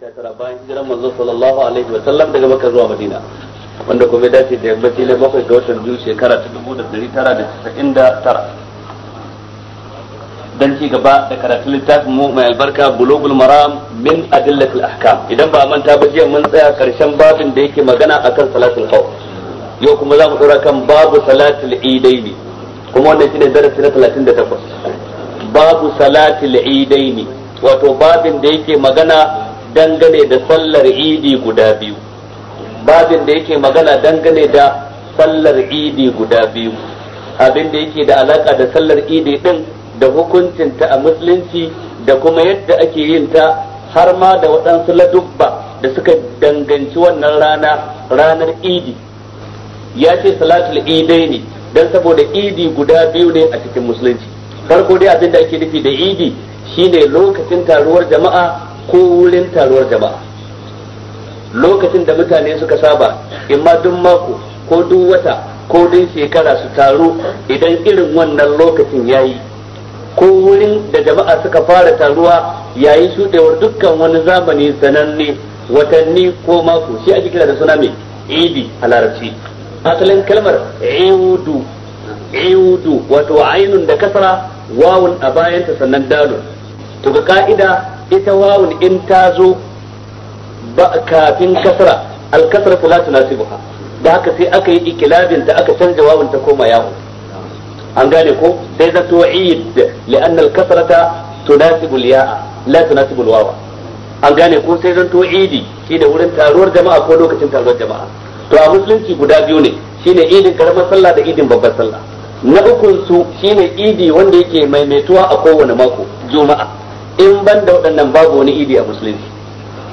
19 bayan hijiran manzo sallallahu alaihi wa sallam daga Makka zuwa Madina wanda kuma ya dace da yammaci na bakwai ga watan biyu shekara ta dubu da da da dari tara tara dan ci gaba da karatu littafin mu mai albarka bulugul maram min adillatul ahkam idan ba manta ba jiya mun tsaya karshen babin da yake magana akan salatul khawf yau kuma za mu dora kan babu salatul idaini kuma wannan shine darasi na 38 babu salatul idaini wato babin da yake magana dangane da sallar idi guda biyu babin da yake magana dangane da sallar idi guda biyu abin da yake da alaka da sallar idi din da hukuncinta a musulunci da kuma yadda ake yin ta har ma da waɗansu ladubba da suka danganci wannan rana ranar idi ya ce salatul idai ne don saboda idi guda biyu ne a cikin musulunci farko dai abin da ake nufi da idi shine lokacin taruwar jama'a ko wurin taruwar jama'a lokacin da mutane suka saba in ma duk mako ko duk wata ko duk shekara su taru idan irin wannan lokacin yayi ko wurin da jama'a suka fara taruwa yayi shuɗewar dukkan wani zamani sananne watanni ko mako shi ake kira da suna mai idi a larabci asalin kalmar iudu iudu wato ainun da kasara wawun a bayanta sannan Dalu. to ga ka'ida ita wawun in ta zo ba kafin kasra al-kasra la tunasibuha da haka sai aka yi ikilabin da aka canza wawun ta koma yawo an gane ko sai zato id li'an al ta tunasibu al-ya'a la tunasibu al-wawa an gane ko sai zato idi shi da wurin taruwar jama'a ko lokacin taruwar jama'a to a musulunci guda biyu ne shine idin karamar sallah da idin babbar sallah na ukun su shine idi wanda yake maimaituwa a kowane mako juma'a in ban da waɗannan babu wani idi a musulunci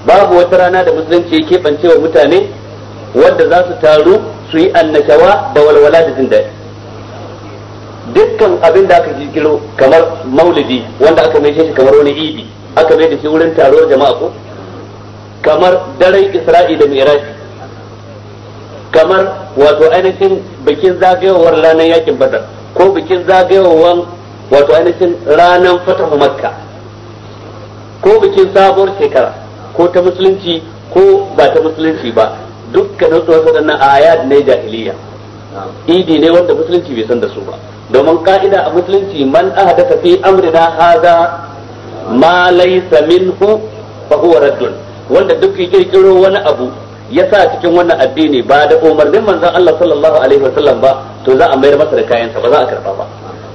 babu wata rana da musulunci ya keɓance wa mutane wadda za su taru su yi annashawa da walwala da jin daɗi dukkan abin da aka kirkiro kamar maulidi wanda aka mai shi kamar wani idi aka mai da shi wurin taro jama'a ko kamar daren isra'i da miraji kamar wato ainihin bikin zagayowar ranar yakin badar ko bikin zagayowar wato ainihin ranar fatahu makka ko bikin sabuwar shekara ko ta musulunci ko ba ta musulunci ba dukkanin su waɗannan ayat ne jahiliya idi ne wanda musulunci bai san da su ba domin ka'ida a musulunci man ahdatha fi amrina hadha ma laysa minhu fa huwa raddun wanda duk ya kirkiro wani abu ya sa cikin wannan addini ba da umarnin manzon Allah sallallahu alaihi wasallam ba to za a mayar masa da kayansa ba za a karba ba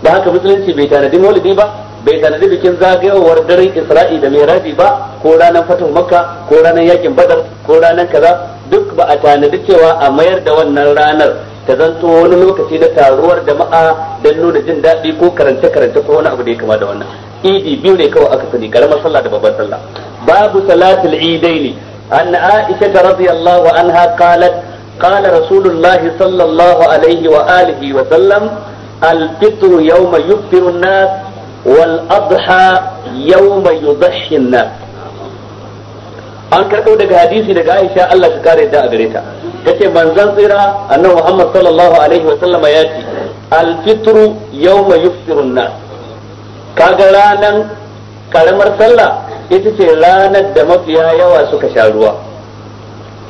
ba haka musulunci bai tanadi maulidi ba bai tanadi bikin zagayowar daren isra'i da miraji ba ko ranar fatan makka ko ranar yakin badar ko ranar kaza duk ba a tanadi cewa a mayar da wannan ranar ta zanto wani lokaci na taruwar jama'a don nuna jin daɗi ko karance karance ko wani abu da ya kama da wannan idi biyu ne kawai aka sani karamar sallah da babbar sallah babu salatul idaini an aisha radiyallahu anha qalat قال رسول الله صلى الله عليه وآله وسلم الفطر يوم يفطر wal adha yawma yudhhi an karɓo daga hadisi daga Aisha Allah ta kare da a gare ta tace manzon tsira annabi Muhammad sallallahu alaihi wa sallama ya ce al-fitru yawma yufsiru an ka kaga ranar karamar sallah ita ce ranar da mafiya yawa suka sha ruwa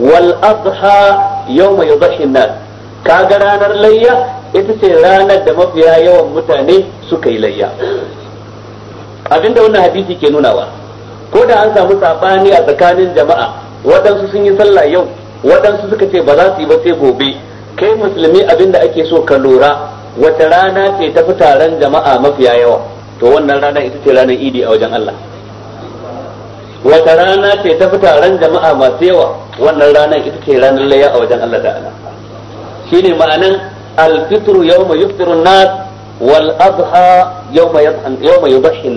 wal adha yawma yudhhi an ka ga ranar layya ita ce ranar da mafiya yawan mutane suka yi layya abinda wannan hadisi ke nunawa ko da an samu sabani a tsakanin jama'a waɗansu sun yi sallah yau waɗansu suka ce ba za su yi ba sai gobe kai musulmi abinda ake so ka lura wata rana ce ta fi taron jama'a mafiya yawa to wannan rana ita ce ranar idi a wajen Allah wata rana ce ta fi taron jama'a masu yawa wannan rana ita ce ranar layya a wajen Allah ta'ala shine ma'anan al-fitr yawma yuftirun nas wal adha yawma yadhan yawma yudhi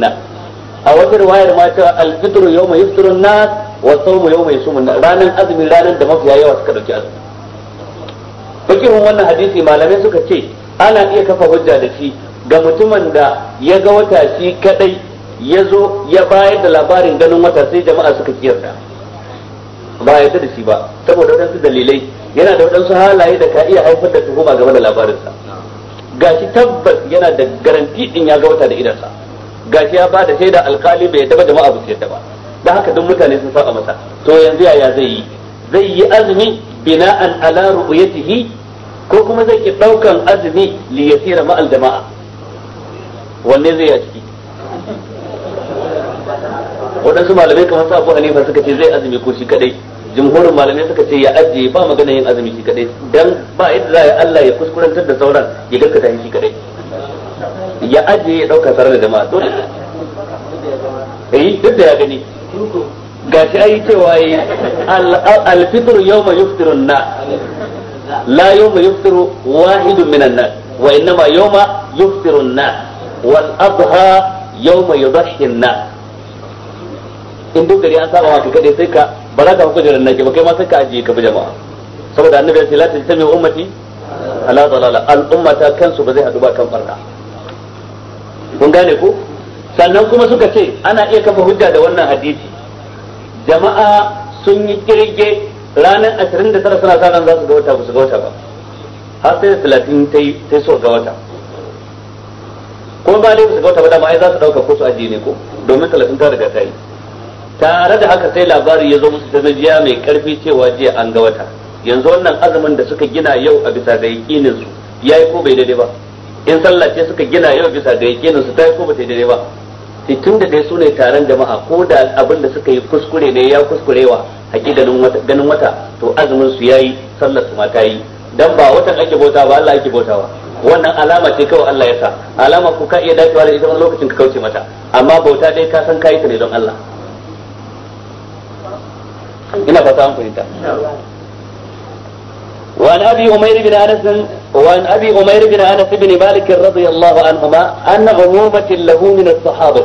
a wata riwayar ma ta al-fitru yawma yuftiru an-nas wa sawmu yawma ranan azumi ranar da mafiya yawa suka dauki azumi wannan hadisi malamai suka ce ana iya kafa hujja da shi ga mutumin da ya ga wata shi kadai ya zo bayar da labarin ganin wata sai jama'a suka kiyarda ba ya da shi ba saboda waɗansu dalilai yana da wadansu halaye da ka iya haifar da tuhuma game da labarinsa gashi tabbas yana da garanti din ya ga wata da idansa gashi ya ba da shaida alkali bai yadda ba jama'a ba su yadda ba da haka duk mutane sun saba masa to yanzu yaya zai yi zai yi azumi bina'an ala ru'yatihi ko kuma zai ki daukan azumi li yasira ma'al jama'a wanne zai ya ciki Wadansu malamai kamar sabu Abu Hanifa suka ce zai azumi ko shi kadai jumhurin malamai suka ce ya ajiye ba magana yin azumi shi kadai dan ba yadda za a Allah ya kuskurantar da sauran ya gaskata shi kadai ya ajiye ya dauka tare da jama'a dole eh duk da ya gani gashi ai cewa yi al-fitr yawma yuftiru na la yawma yuftiru wahidun minan nas wa innama yawma yuftiru na wal adha yawma yudhhi na in duk da ya saba wa kadai sai ka ba za ka fi kujerar naki ba kai ma sai ka ajiye ka bi jama'a saboda annabi ya ce la tajtami ummati ala dalala al'umma al'ummata kansu ba zai hadu ba kan farka kun gane ko sannan kuma suka ce ana iya kafa hujja da wannan hadisi jama'a sun yi kirge ranar 29 suna sa ran za su ga wata ba su ga wata ba har sai da 30 ta yi so ga wata kuma ba dai ba su ga wata ba dama ai za su dauka ko su ajiye ne ko domin talatin ta riga ta yi tare da haka sai labari ya zo musu ta majiya mai karfi cewa jiya an ga wata yanzu wannan azumin da suka gina yau a bisa da yakinin su yi ko bai daidai ba in sallah ce suka gina yau bisa da yakinin su yi ko ba daidai ba tun da dai su ne taron jama'a ko da abin da suka yi kuskure ne ya kuskurewa hakikanin ganin wata to azumin su yi sallar su ma ta yi dan ba watan ake bauta ba Allah ake bautawa wannan alama ce kawai Allah ya sa alama ku ka iya dacewa da ita wani lokacin ka kauce mata amma bauta dai ka san kayi ta ne don Allah ina fata an fahimta وعن ابي امير بن انس وعن ابي امير بن انس بن مالك رضي الله عنهما ان عمومه له من الصحابه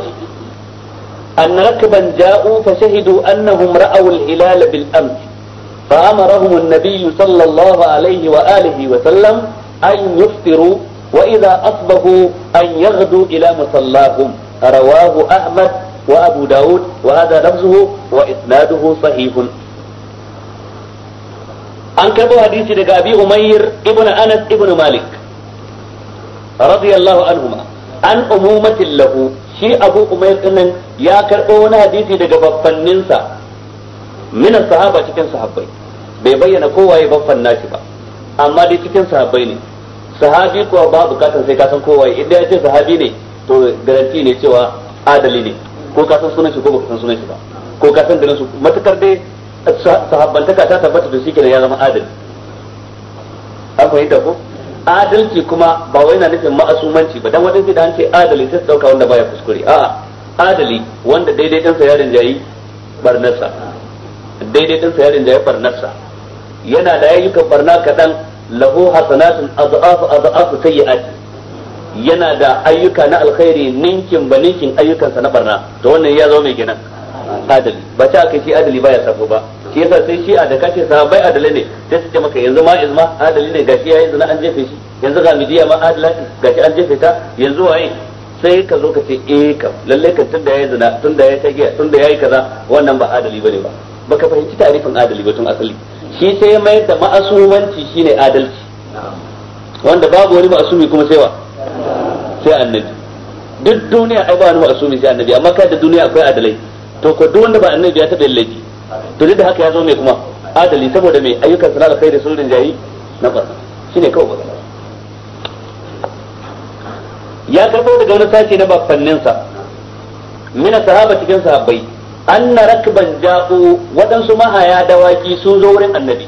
ان ركبا جاءوا فشهدوا انهم راوا الهلال بالامس فامرهم النبي صلى الله عليه واله وسلم ان يفطروا واذا اصبحوا ان يغدوا الى مصلاهم رواه احمد وابو داود وهذا لفظه واسناده صحيح an karbo hadisi daga abi umayr ibn anas ibn malik radiyallahu anhuma an umumatin lahu shi abu umayr dinnan ya karbo wani hadisi daga sa min sahaba cikin sahabbai bai bayyana kowaye baffan nashi ba amma dai cikin sahabbai ne sahabi kuwa ba bukatan sai ka san idan ya ce sahabi ne to garanti ne cewa adali ne ko ka san sunan shi ko ba san sunan shi ba ko ka san garin su matukar dai sahabbantaka ta tabbata to shi ya zama adali an fahimta ko adalci kuma ba wai na nufin ma'asumanci ba dan wadansu da an ce adali sai dauka wanda baya kuskure a'a adali wanda daidai ɗansa ya jayi barnarsa daidai ɗansa ya jayi barnarsa yana da yayyukan barna kaɗan lahu hasanatun sai ya aji yana da ayyuka na alkhairi ninkin ba ninkin ayyukansa na barna to wannan ya zama mai ginan adali ba ta aka shi adali baya sabo ba shi yasa sai shi a da kace bai adalai ne sai su ce maka yanzu ma izma adali ne gashi yayi zina an jefe shi yanzu ga midiya ma adala gashi an jefe ta yanzu waye sai ka zo ka ce eh kam lalle kan tunda yayi zina tunda yayi tagiya tunda yayi kaza wannan ba adali bane ba baka fahimci tarifin adali ba tun asali shi sai mai da ma'asumanci shine adalci wanda babu wani ma'asumi kuma sai wa sai annabi duk duniya ai ba wani ma'asumi sai annabi amma kai da duniya akwai adalai to ko duk wanda ba annabi ya taɓa laifi to duk da haka ya zo mai kuma adali saboda mai ayyukan kai da sulhun jayi na barna shine kawai ba ya karɓo daga wani sashi na bafanninsa mina sahaba cikin sahabbai anna rakban ja'u waɗansu mahaya dawaki sun zo wurin annabi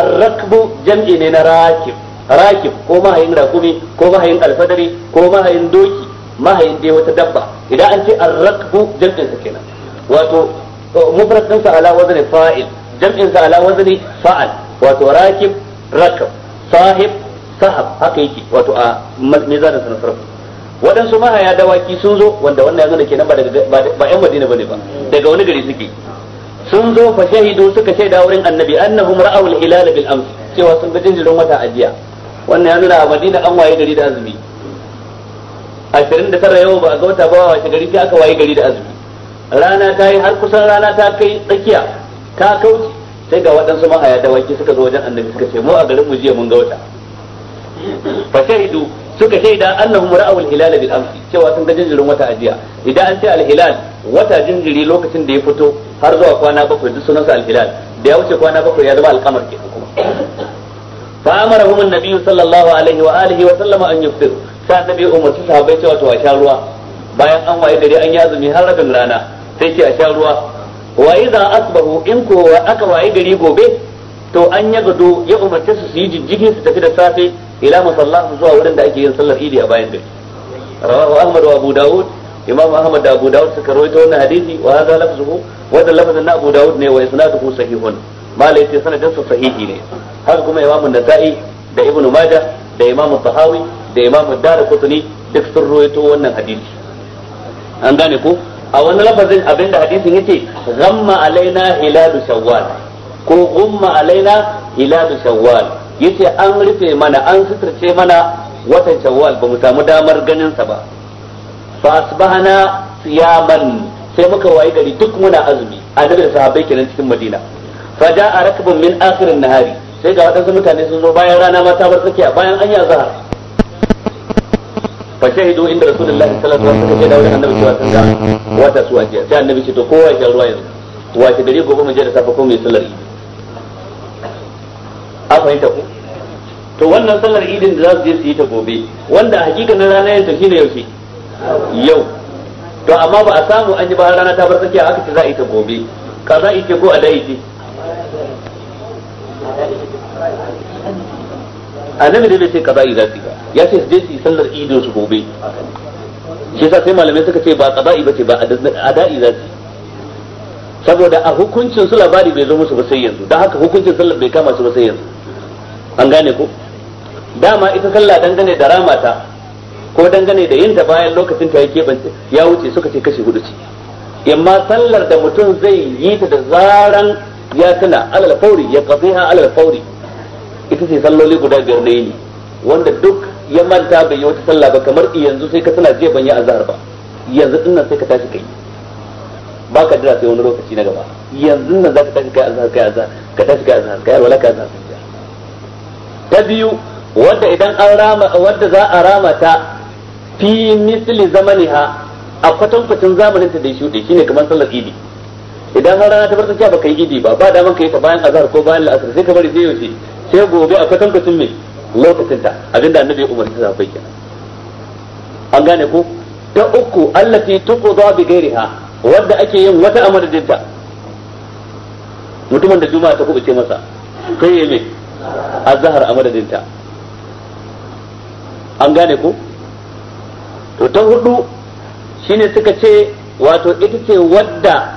ar-rakbu jam'i ne na rakib rakib ko mahayin rakumi ko mahayin alfadari ko mahayin doki mahayin dai wata dabba idan an ce ar-rakbu jam'in sa kenan wato mufrad din sa ala wazni fa'il jam'in sa ala wazni fa'al wato rakib rakab sahib sahab haka yake wato a mizanin sa na sarfu waɗansu mahaya dawaki sun zo wanda wannan yanzu da kenan ba ba yan madina bane ba daga wani gari suke sun zo fa shahidu suka shaida wurin annabi annahum ra'aw al-hilal bil amsi cewa sun ga jinjirin wata ajiya wannan ya nuna a madina an waye gari da azumi ashirin da yau ba a ga wata ba wa gari sai aka waye gari da azumi rana ta yi har kusan rana ta kai tsakiya ta kauce sai ga waɗansu mahaya dawaki suka zo wajen annabi suka ce mu a garin mu jiya mun ga wata fa shahidu suka shaida annahum ra'aw al-hilal bil amsi cewa sun ga jinjirin wata ajiya idan an ce al-hilal wata jinjiri lokacin da ya fito har zuwa kwana bakwai duk sunansa al-hilal da ya wuce kwana bakwai ya zama al-qamar ke kuma fa amarahum an-nabi sallallahu alaihi wa alihi wa sallama an yufsir sai annabi umarci sahabbai cewa to a sha ruwa bayan an waye dare an yi azumi har rabin rana sai ce a sha ruwa wa za asbahu in ko aka waye gari gobe to an ya gado ya umarce su su yi jijjigi su tafi da safe ila musallahu zuwa wurin da ake yin sallar idi a bayan gari rawahu ahmad wa abu daud imam ahmad da abu daud suka rawaito wannan hadisi wa hadha lafzuhu wa da lafzin abu daud ne wa isnaduhu sahihun mala yace sanadin sa sahihi ne Har kuma imam an-nasa'i da ibnu majah da imam tahawi da imam ad-darqutni duk sun rawaito wannan hadisi an gane ko a wani lafazin abinda hadisin yake ghamma alaina hilalu shawwal ko gumma alaina hilalu shawwal yace an rufe mana an suturce mana watan shawwal ba mu samu damar ganin sa ba fa asbahana siyaman sai muka wayi gari duk muna azumi a da sahabbai kenan cikin madina fa ja'a rakbun min akhirin nahari sai ga wadansu mutane sun zo bayan rana ma ta bar tsakiya bayan an yi azhar fa shahidu inda rasulullahi sallallahu alaihi wasallam ya dawo da annabi cewa sun ga wata su ajiya sai annabi ce to kowa ya ruwa yanzu wace dare gobe mu je da safa ko mu yi sallar a fahimta ku to wannan sallar idin da za su je su yi ta gobe wanda hakikan rana yanzu shine yaushe yau to amma ba a samu an yi ba rana ta bar tsakiya aka ce za a yi ta gobe ka za a yi ce ko a ce annabi dai bai ce kaza'i za su ba ya ce su je su yi sallar idin su gobe shi sa sai malamai suka ce ba kaza'i ba ce ba ada'i za su saboda a hukuncin su labari bai zo musu ba sai yanzu don haka hukuncin sallar bai kama su ba sai yanzu an gane ko dama ita sallah dangane da ta, ko dangane da yinta bayan lokacin ta ya keɓance ya wuce suka ce kashi hudu ce amma sallar da mutum zai yi ta da zaran ya tuna alal fauri ya kafiha alal fauri ita ce salloli guda biyar na yini wanda duk ya manta bai yi wata sallah ba kamar yanzu sai ka tana jiya ban yi azhar ba yanzu din nan sai ka tashi kai ba ka jira sai wani lokaci na gaba yanzu nan za ka tashi kai azhar kai azhar ka tashi kai azhar kai wala ka azhar ta biyu wanda idan an rama wanda za a rama ta fi misli zamaniha a kwatankwacin zamanin ta da ya shuɗe shine kamar sallar idi idan har rana ta bar ta ba ka yi idi ba ba daman ka yi ta bayan azhar ko bayan la'asar sai ka bari sai yaushe sai gobe a kwatankwacin mai lokacin ta abinda annabi ya umarci sahabbai kenan an gane ko ta uku allati tuqda bi ghairiha wadda ake yin wata amadadinta mutumin da juma'a ta kubuce masa sai ya mai azhar amadadinta an gane ko to ta hudu shine suka ce wato ita ce wadda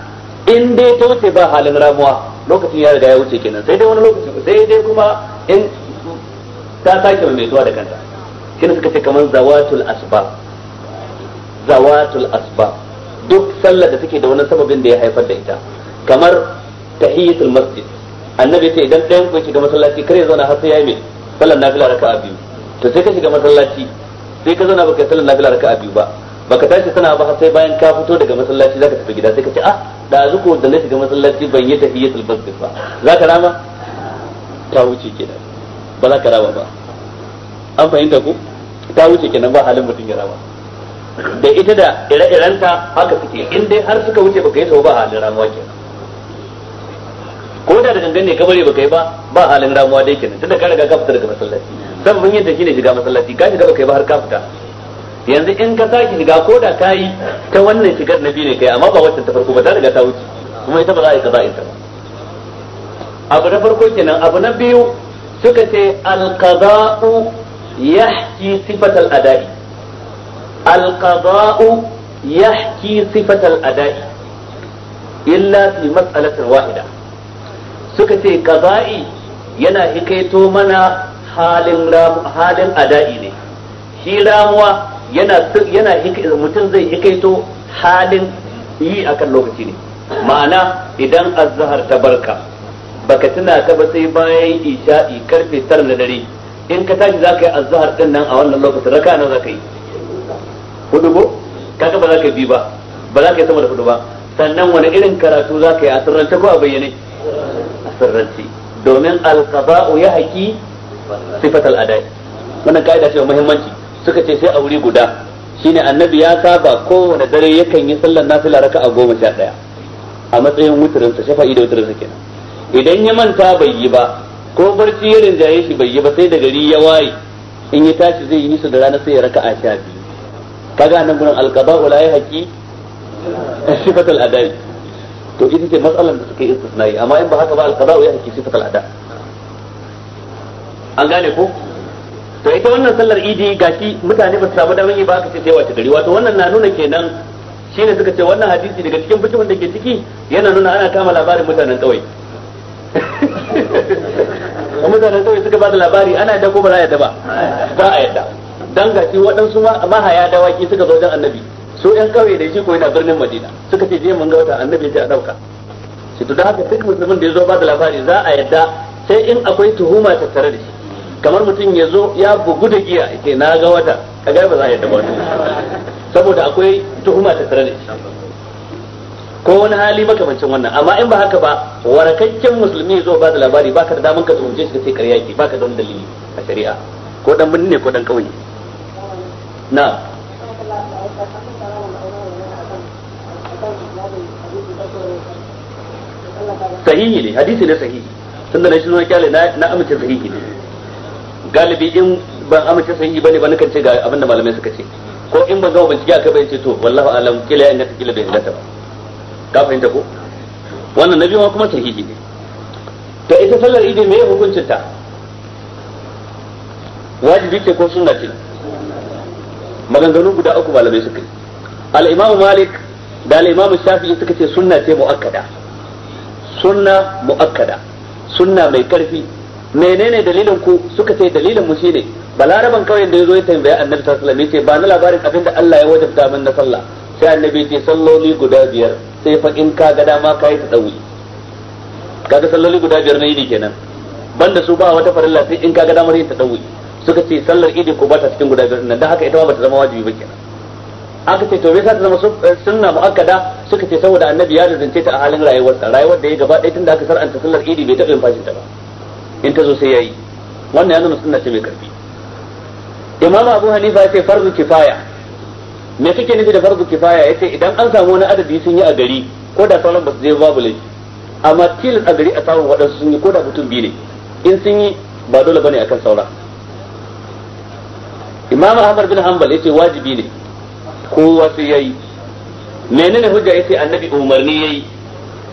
in dai ta wuce ba halin ramuwa lokacin ya riga ya wuce kenan sai dai wani lokaci sai dai kuma in ta sake mai zuwa da kanta shine suka ce kamar zawatul asbab zawatul asbab duk sallar da take da wani sababin da ya haifar da ita kamar tahiyatul masjid annabi ce idan ɗayan ku shiga masallaci kare zauna har sai ya yi sallar nafila raka'a biyu to sai ka shiga masallaci sai ka zauna baka sallar nafila raka'a biyu ba baka tashi sana ba sai bayan ka fito daga masallaci zaka tafi gida sai ka ce ah da zuko da na shiga masallaci ban yi tahiyatul masjid ba zaka rama ta wuce kenan ba za ka rama ba an fahimta ko ta wuce kenan ba halin mutun ya rama da ita da ire-irenta haka suke in dai har suka wuce baka yi sau ba halin ramuwa kenan ko da da gangan ne kabari baka yi ba ba halin ramuwa dai kenan tunda ka riga ka fita daga masallaci sabon yadda ne shiga masallaci ka shiga baka yi ba har ka fita yanzu in ka sake shiga ko da ka yi ta wannan shigar na biyu ne kai amma ba wacce ta farko ba ta riga ta wuce kuma ita ba za a yi kaza ita ba abu na farko kenan abu na biyu suka ce alqada'u yahki sifat al-ada'i alqada'u yahki sifat adai illa fi mas'alatin wahida suka ce qada'i yana hikaito mana halin halin ada'i ne shi ramuwa yana yana mutum zai hikaito halin yi akan lokaci ne ma'ana idan azhar ta barka baka tuna ta ba sai bayan isha'i karfe 9 na dare in ka tashi zaka yi azhar din nan a wannan lokacin raka nan zaka yi hudu ko kaga ba zaka bi ba ba zaka yi sama da hudu ba sannan wani irin karatu zaka yi a sirrance ko a bayyane a sirrance domin alkaba'u ya haki sifatal adai wannan kaida ce muhimmanci suka ce sai a wuri guda shine annabi ya saba kowane dare yakan yi sallar nafila a goma sha ɗaya a matsayin wutirinsa shafa'i da wutirinsa kenan idan ya manta bai yi ba ko barci ya rinjaye shi bai yi ba sai da gari ya waye in ya tashi zai yi su da rana sai ya raka a sha biyu kaga nan gurin alqaba'u ya haƙi sifatul adai to ita ce matsalar da suka yi istisnai amma in ba haka ba ya haƙi sifatul adai an gane ko to ita wannan sallar idi gashi mutane ba su samu damar yi ba aka ce sai wace gari wato wannan na nuna kenan shine suka ce wannan hadisi daga cikin fikihun da ke ciki yana nuna ana kama labarin mutanen kawai mutanen kawai suka ba da labari ana yadda ko ba za a yadda ba ba a yadda dan gashi waɗansu mahaya dawaki suka zo wajen annabi su yan kawai da shi ko yana birnin madina suka ce je mun ga wata annabi ya ce a ɗauka shi to da haka duk musulmin da ya zo ba da labari za a yadda sai in akwai tuhuma tare da shi kamar mutum ya zo ya bugu da giya ce na ga wata kaga ba za a yadda ba saboda akwai tuhuma ta tare da shi ko wani hali makamancin wannan amma in ba haka ba warakakken musulmi zo ba da labari baka da daman ka tsohonce shi ka ce karya ki baka da wani dalili a shari'a ko dan birni ne ko dan kauye na sahihi ne hadisi ne sahihi tunda na shi zo kyale na amince sahihi ne galibi in ban amince yi bane ba nakan ce ga abin da malamai suka ce ko in ban gama bincike aka bai ce to wallahi alam kila ya inganta kila bai inganta ba ka fahimta ko wannan nabi ma kuma sahihi ne to ita sallar idi me hukuncin ta wajibi ce ko sunna ce maganganu guda uku malamai suka yi al-imamu malik da al-imamu shafi'i suka ce sunna ce muakkada sunna muakkada sunna mai karfi menene dalilin ku suka ce dalilin mu shine balaraban kawai da yazo ya tambaya annabi sallallahu alaihi wasallam yace ba ni labarin abin da Allah ya wajabta min na sallah sai annabi ce salloli guda biyar sai fa in ka ga dama kai ta dauri kaga salloli guda biyar ne kenan banda su ba wata farilla sai in ka ga dama ta dauri suka ce sallar idi ko ba ta cikin guda biyar nan dan haka ita ba ta zama wajibi ba kenan aka ce to me ta zama eh, sunna muakkada suka ce saboda annabi ya rinjance ta a halin rayuwarsa rayuwar da ya gaba ɗaya tunda aka sar'anta sallar idi bai taɓa yin fashin ta ba in ta zo sai yayi wannan ya nuna sunna ce mai karfi imam abu hanifa ya ce farzu kifaya me kake nufi da farzu kifaya ya ce idan an samu wani adadi sun yi a gari ko da sauran ba su je babu laifi amma tilin a gari a samun waɗansu sun yi ko da mutum biyu ne in sun yi ba dole bane akan saura Imama ahmad bin hanbal ya ce wajibi ne kowa sai yayi menene hujja ya ce annabi umarni yayi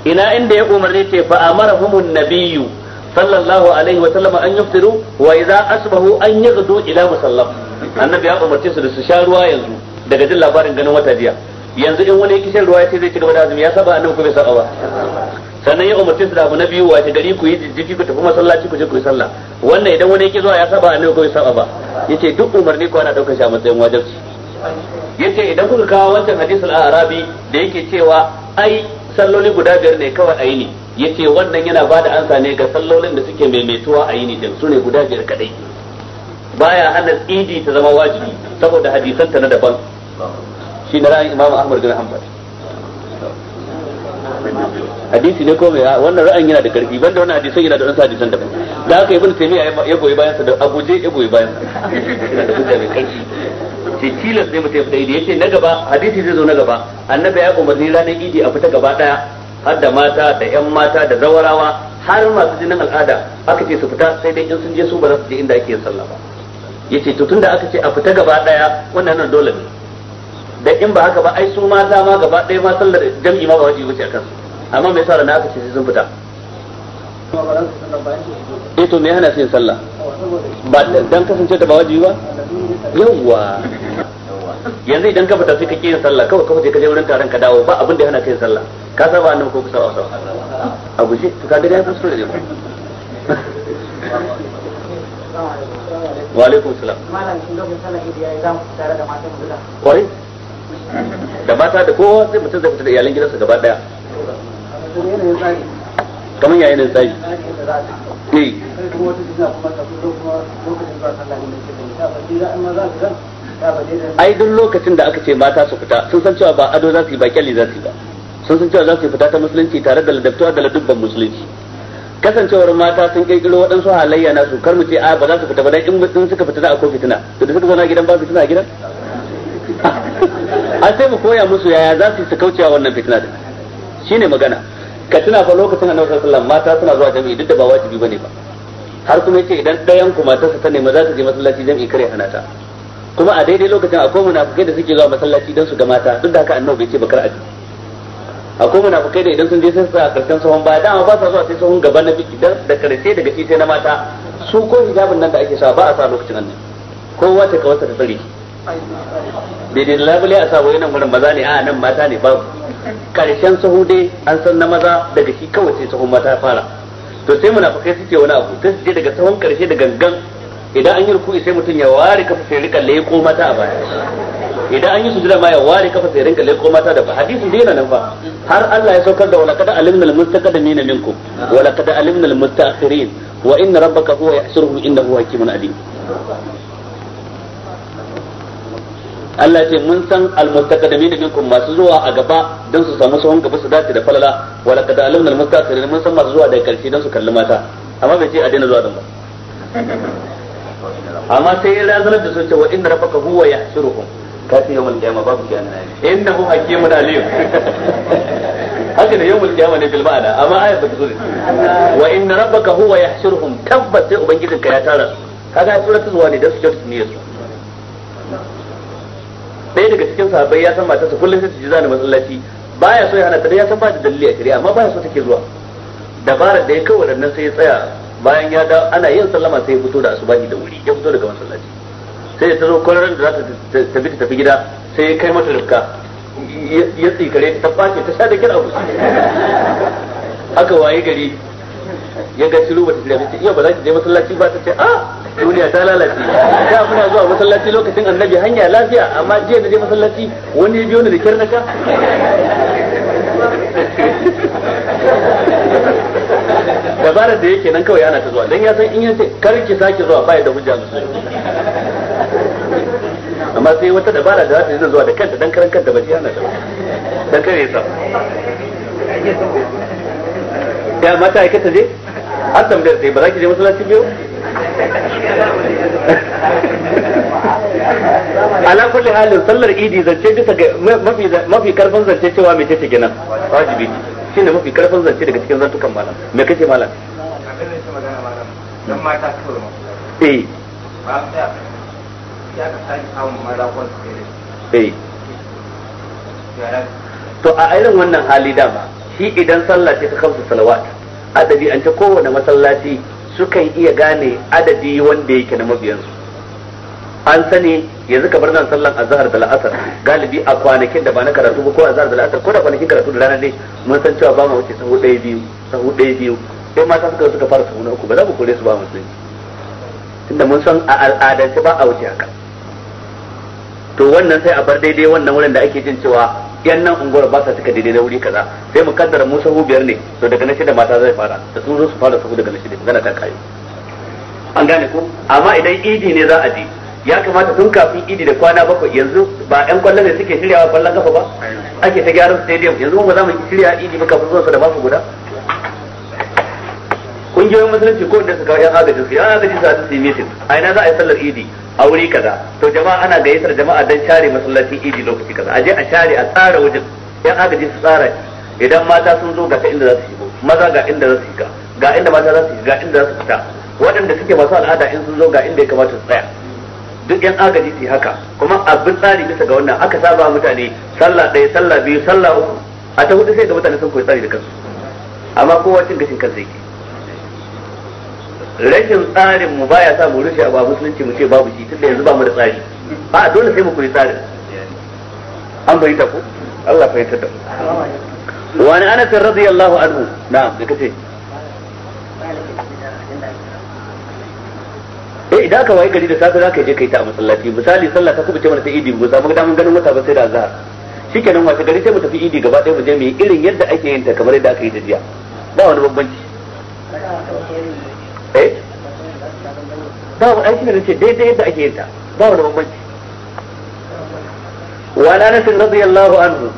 ina inda ya umarni ce fa amara humun nabiyyu sallallahu alaihi wa sallama an yuftiru wa idza asbahu an yaghdu ila musallam annabi ya umarce su da su sha ruwa yanzu daga jin labarin ganin wata jiya yanzu in wani yake ruwa ya ce zai ci gaba da azumi ya saba annabi ko bai saba ba sannan ya umarce su da abu na biyu wace gari ku yi jijjifi ku tafi masallaci ku je ku yi sallah wannan idan wani yake zuwa ya saba annabi ko bai saba ba yace duk umarni ko ana daukar shi a matsayin yace idan kuka kawo wancan hadisul arabi da yake cewa ai salloli guda biyar ne kawai a yini ya ce wannan yana ba da ansa ne ga sallolin da suke maimaituwa a yini din su ne guda biyar kadai baya hana idi ta zama wajibi saboda hadisanta na daban shi na ra'ayin imam ahmad bin hanbal hadisi ne ko mai wannan ra'ayin yana da karfi banda wannan hadisi yana da wasu hadisan daban da haka ibn taymiya ya goyi bayan sa da abuje ya goyi bayan yana da hujja mai karfi ce tilas ne mutum ya fita idi yace na gaba hadisi zai zo na gaba annabi ya umarni ranar idi a fita gaba daya har da mata da yan mata da zawarawa har masu jinin al'ada aka ce su fita sai dai in sun je su ba za su je inda ake yin sallah ba yace to tunda aka ce a fita gaba daya wannan nan dole ne da in ba haka ba ai su mata ma gaba daya ma sallar jam'i ma ba wajibi wuce a kansu amma me yasa na aka ce sai sun fita eh to me hana su yin sallah ba dan kasance ta ba wajibi ba yawwa yanzu idan ka fita sai ka yin sallah kawai kawai ka je wurin taron ka dawo ba abin da hana ka yin sallah ka saba annabi ko kusa wasa a guje to ka ga ya fusu da ba wa alaikum salam malam kin lokacin sallah idan za mu tare da matan mu kwarai da mata da kowa sai mutum zai fita da iyalan gidansa gaba daya kamar yayin da tsari eh ai duk lokacin da aka ce mata su fita sun san cewa ba ado za su yi ba kyalli za su yi ba sun san cewa za su yi fita ta musulunci tare da ladabtuwa da ladubban musulunci kasancewar mata sun kirkiro waɗansu halayya na su kar mu ce a ba za su fita ba dan in mutum suka fita za a ko fitina to da suka zauna gidan ba fitina a gidan a sai mu koya musu yaya za su yi su kaucewa wannan fitina din shine magana ka tuna fa lokacin annabi sallallahu alaihi wasallam mata suna zuwa jami'i duk da ba wajibi bane ba har kuma yace idan ɗayan ku matarsa ta nema za ta je masallaci jami'i kare hana ta kuma a daidai lokacin akwai munafukai da suke zuwa masallaci don su ga mata duk da haka annabi bai ce bakar aji akwai munafukai da idan sun je sai su a karshen sahun ba dama ba sa zuwa sai sahun gaba na biki dan da karshe daga shi sai na mata su ko hijabin nan da ake sa ba a sa lokacin annabi kowa ta kawarta ta tsare daidai labule a sa wayannan gurin maza ne a nan mata ne babu karshen sahu dai an san na maza daga shi kawai sai sahun mata fara to sai fakai suke wani abu sai je daga sahun karshe da gangan idan an yi ruku'i sai mutum ya ware kafa sai rika leko mata a baya idan an yi sujuda ma ya ware kafa sai rinka leko mata da ba hadisin dai nan ba har Allah ya saukar da walaqad alimnal mustaqdimina minkum walaqad alimnal mutaakhirin wa inna rabbaka huwa yahsuruhum innahu hakimun alim Allah ce mun san da minkum masu zuwa a gaba dan su samu sahun gaba su dace da falala wala kad alimna almustaqdimin mun san masu zuwa daga karshe dan su kalli mata amma bai ce a daina zuwa dan ba amma sai ya razanar da su ce wa inna rabbaka huwa yahshuruhum kafi yawmul qiyama babu kiyama innahu hakimun alim haka da yawmul qiyama ne bil ma'ana amma ayat ba ta zo wa inna rabbaka huwa yahshuruhum tabbas sai ubangijinka ya tara kaga suratul zuwa ne da su ce su ne ɗaya daga cikin sahabbai ya san matarsa kullum sai ta ji zani masallaci baya so ya hana ta da ya san ba da dalili a shari'a amma baya so take zuwa dabarar da ya kawo nan sai ya tsaya bayan ya da ana yin sallama sai ya fito da asubahi da wuri ya fito daga masallaci sai ya tazo kwararan da za ta tafi ta tafi gida sai ya kai mata rufka ya tsikare ta ɓace ta sha da kira abu Haka waye gari ya ga shiru bata shirya ce iya ba za ki je masallaci ba ta ce a ah, duniya ta lalace da muna zuwa masallaci lokacin annabi hanya lafiya amma jiya na je masallaci wani ya biyo ni da kyar naka dabarar da yake nan kawai ana ta zuwa dan ya san in ya ce kar ki sake zuwa baya da hujja su amma sai wata dabara da za ta yi zuwa da kanta dan karan kanta ba ji ana ta dan kare ya sa ya mata aikata je an tambayar sai eh, ba za ki je masallacin biyu ala kulli halin sallar idi zance bisa ga mafi mafi karfin zance cewa me ce kenan wajibi shine mafi karfin zance daga cikin zantukan malam me kace malam dan mata eh ba ya ka sai samun mara eh to a irin wannan hali dama shi idan sallah ce ta kamsu salawat an ta kowane masallaci sukan iya gane adadi wanda yake na mabiyansu an sani yanzu kamar nan sallan azhar da la'asar galibi a kwanakin da ba na karatu ko azhar da la'asar ko da kwanakin karatu da rana ne mun san cewa ba mu wuce sahu ɗaya biyu sahu ɗaya biyu sai mata suka suka fara sahu na uku ba za mu kore su ba sani tunda mun san a al'adance ba a wuce haka to wannan sai a bar daidai wannan wurin da ake jin cewa yan nan unguwar ba sa suka daidai na wuri kaza sai mu kaddara mu sahu biyar ne to daga nan shida mata zai fara da sun zo su fara sahu daga nan shida magana ta an gane ko amma idan idi ne za a je ya kamata tun kafin idi da kwana bakwai yanzu ba yan kwallon ne suke shiryawa kwallon kafa ba ake ta gyaran stadium yanzu ba za mu shirya idi ba kafin zuwa su da mako guda kungiyoyin musulunci ko da su kawai yan agaji su yan agaji su a su yi meeting a ina za a yi sallar idi a wuri kaza to jama'a ana gayyatar jama'a don share masallacin idi lokaci kaza a je a share a tsara wajen yan agaji su tsara idan mata sun zo ga inda za su shigo maza ga inda za su shiga ga inda mata za su shiga inda za su fita waɗanda suke masu al'ada in sun zo ga inda ya kamata su tsaya duk yan agaji su haka kuma abin tsari bisa ga wannan aka saba mutane sallah ɗaya sallah biyu sallah uku a ta hudu sai ga mutane sun koyi tsari da kansu amma kowa cin gashin kansa yake rashin tsarin mu baya sa mu rushe abu a musulunci mu ce babu shi tunda yanzu ba mu da tsari a dole sai mu kuri tsarin an bai ta ku Allah fa yata da wa ni Anas radiyallahu anhu na'am da kace eh idan ka wai gari da safe zaka je kai ta a masallaci misali sallah ta ce mana ta idi ba samu daman ganin wata ba sai da zahar shikenan wace gari sai mu tafi idi gaba daya mu je mu yi irin yadda ake yin ta kamar yadda aka yi da jiya ba wani bambanci eh ba wani aiki da ce daidai yadda ake yin ba wani bambanci wa anas radiyallahu anhu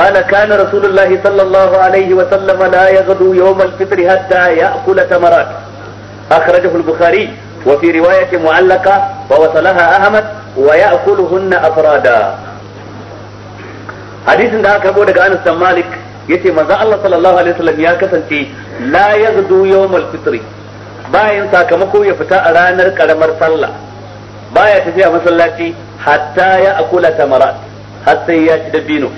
قال كان رسول الله صلى الله عليه وسلم لا يغدو يوم الفطر حتى يأكل تمرات أخرجه البخاري وفي رواية معلقة ووصلها أحمد ويأكلهن أفرادا حديث ده كابو Anas أنس مالك yace manzo Allah sallallahu alaihi wasallam ya kasance la yaghdu fitri bayan sakamako ya fita a ranar karamar sallah baya tafiya masallaci hatta ya akula tamarat har sai ya ci dabino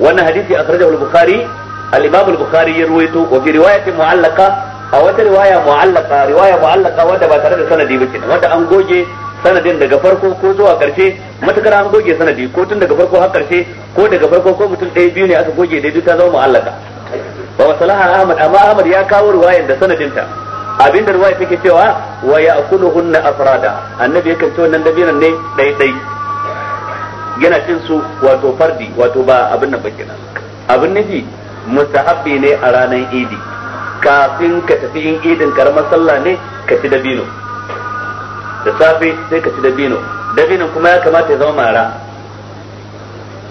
wannan hadisi a al-bukhari al-imam bukhari ya ruwaito wa fi riwayatin mu'allaqa a wata riwaya mu'allaqa riwaya mu'allaqa wanda ba tare da sanadi ba kenan wanda an goge sanadin daga farko ko zuwa karshe matakar an goge sanadi ko tun daga farko har karshe ko daga farko ko mutum ɗaya biyu ne aka goge daidai ta zama mu'allaqa ba salaha ahmad amma ahmad ya kawo riwayar da sanadinta abin da ruwaya take cewa wa ya'kuluhunna afrada annabi yakan ci wannan dabinan ne dai dai yana cin su wato fardi wato ba abin nan ba kenan abin nufi mustahabbi ne a ranar idi kafin ka tafi yin idin karamar sallah ne ka ci dabino da safe sai ka ci dabino dabinin kuma ya kamata ya zama mara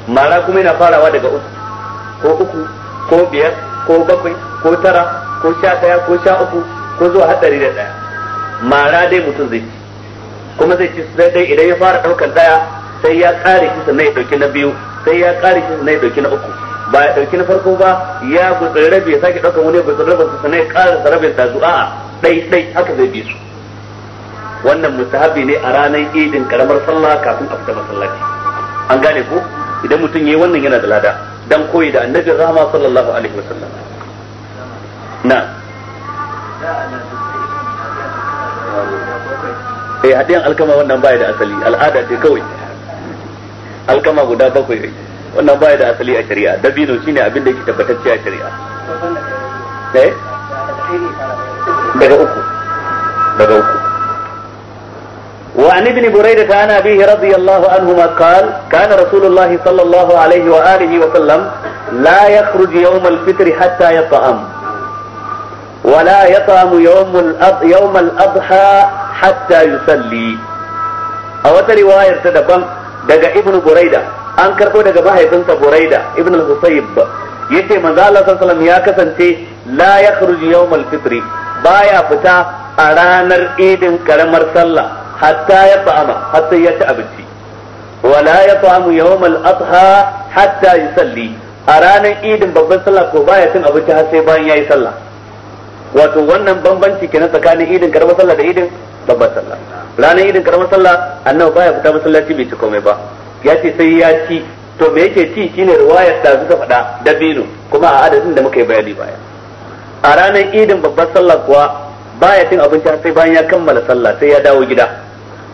mara kuma yana farawa daga uku ko uku ko biyar ko bakwai ko tara ko sha daya ko sha uku ko zuwa hatsari da ɗaya mara dai mutum zai ci kuma zai ci sai dai idan ya fara ɗaukar ɗaya sai ya ƙare shi sannan ya ɗauki na biyu sai ya ƙare shi sannan ya ɗauki na uku ba ya ɗauki na farko ba ya gutsuri rabi ya sake ɗaukar wani gutsuri rabin sa sannan ya ƙara sa rabin zuwa a ɗai ɗai haka zai bi su wannan mustahabi ne a ranar idin karamar sallah kafin a fita masallaci an gane ko idan mutum yayi wannan yana da lada dan koyi da annabi rahama sallallahu alaihi wasallam na'am eh hadiyan alkama wannan baya da asali al'ada ce kawai alkama guda bakwai ne wannan baya da asali a shari'a dabino shine abin da yake tabbatacce a shari'a eh daga uku daga uku وعن ابن بريدة عن أبيه رضي الله عنهما قال كان رسول الله صلى الله عليه وآله وسلم لا يخرج يوم الفطر حتى يطعم ولا يطعم يوم الأض... يوم الأضحى حتى يصلي a wata riwayar daban daga ibn buraida an karɓo daga mahaifinsa buraida ibn al-husayb yace manzo Allah sallallahu ya kasance la yakhruju yawm al-fitr baya fita a ranar idin karamar sallah hatta ya ta'ama hatta ya ci abinci wala ya ta'amu yawm al-adha hatta yusalli a ranar idin babban sallah ko baya cin abinci har sai bayan ya yi sallah wato wannan bambanci kenan tsakanin idin karamar sallah da idin babbar sallah ranar idin karamar sallah annabi baya fita masallaci bai ci komai ba ya ce sai ya ci to me yake ci shine riwayar da suka faɗa dabino kuma a adadin da muka yi bayani baya a ranar idin babbar sallah kuwa baya cin abinci sai bayan ya kammala sallah sai ya dawo gida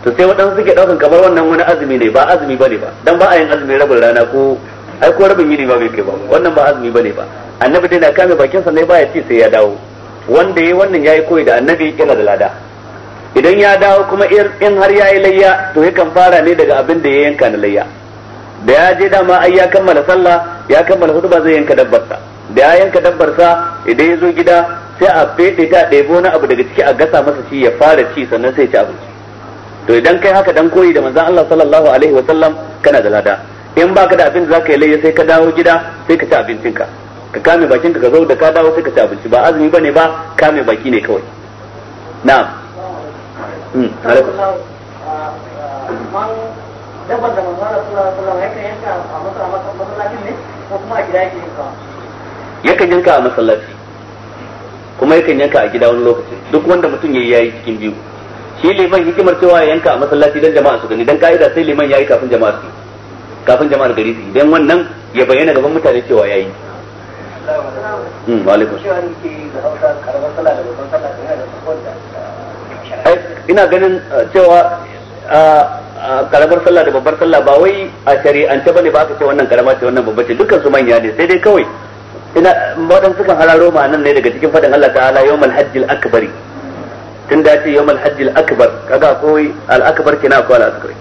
to sai waɗansu suke ɗaukan kamar wannan wani azumi ne ba azumi bane ba dan ba a yin azumi rabin rana ko ai ko rabin yini ba bai kai ba wannan ba azumi bane ba annabi dai na kame bakin sa ne baya ci sai ya dawo wanda yayi wannan ya yayi koyi da annabi yana da lada idan ya dawo kuma in har ya yi layya to yakan fara ne daga abin da ya yanka na layya da ya je dama ai ya kammala sallah ya kammala hudu zai yanka sa da ya yanka sa idan ya zo gida sai a fete ta ɗebo na abu daga ciki a gasa masa shi ya fara ci sannan sai ci abinci to idan kai haka dan koyi da manzon Allah sallallahu alaihi wasallam kana da lada in baka da abin da zaka yi layya sai ka dawo gida sai ka ci abincinka ka kame bakin ka zo da ka dawo sai ka ci abinci ba azumi bane ba kame baki ne kawai na'am mm alaikum ah, ah, da manzo Allah sallallahu alaihi yakan yanka a masallacin ne ko kuma a gida yake yanka yakan yanka a masallaci kuma yakan yanka a gida wani lokaci duk wanda mutum yayi yayi cikin biyu shi liman hikimar cewa ya yanka a masallaci dan jama'a su gani dan ka'ida sai liman yayi kafin jama'a su kafin jama'ar gari su idan wannan ya bayyana gaban mutane cewa yayi ina ganin cewa karamar sallah da babbar sallah ba wai a shari'ance bane ba aka ce wannan karama ce wannan babbar ce dukkan su manya ne sai dai kawai ina wadan sukan hararo ma nan ne daga cikin fadin Allah ta'ala yawmal hajjil akbari tun da ce yawmal hajjil akbar kaga akwai al akbar kina akwai al akbar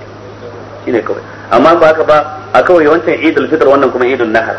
shine kawai amma ba haka ba a kawai wancan idul fitr wannan kuma idul nahar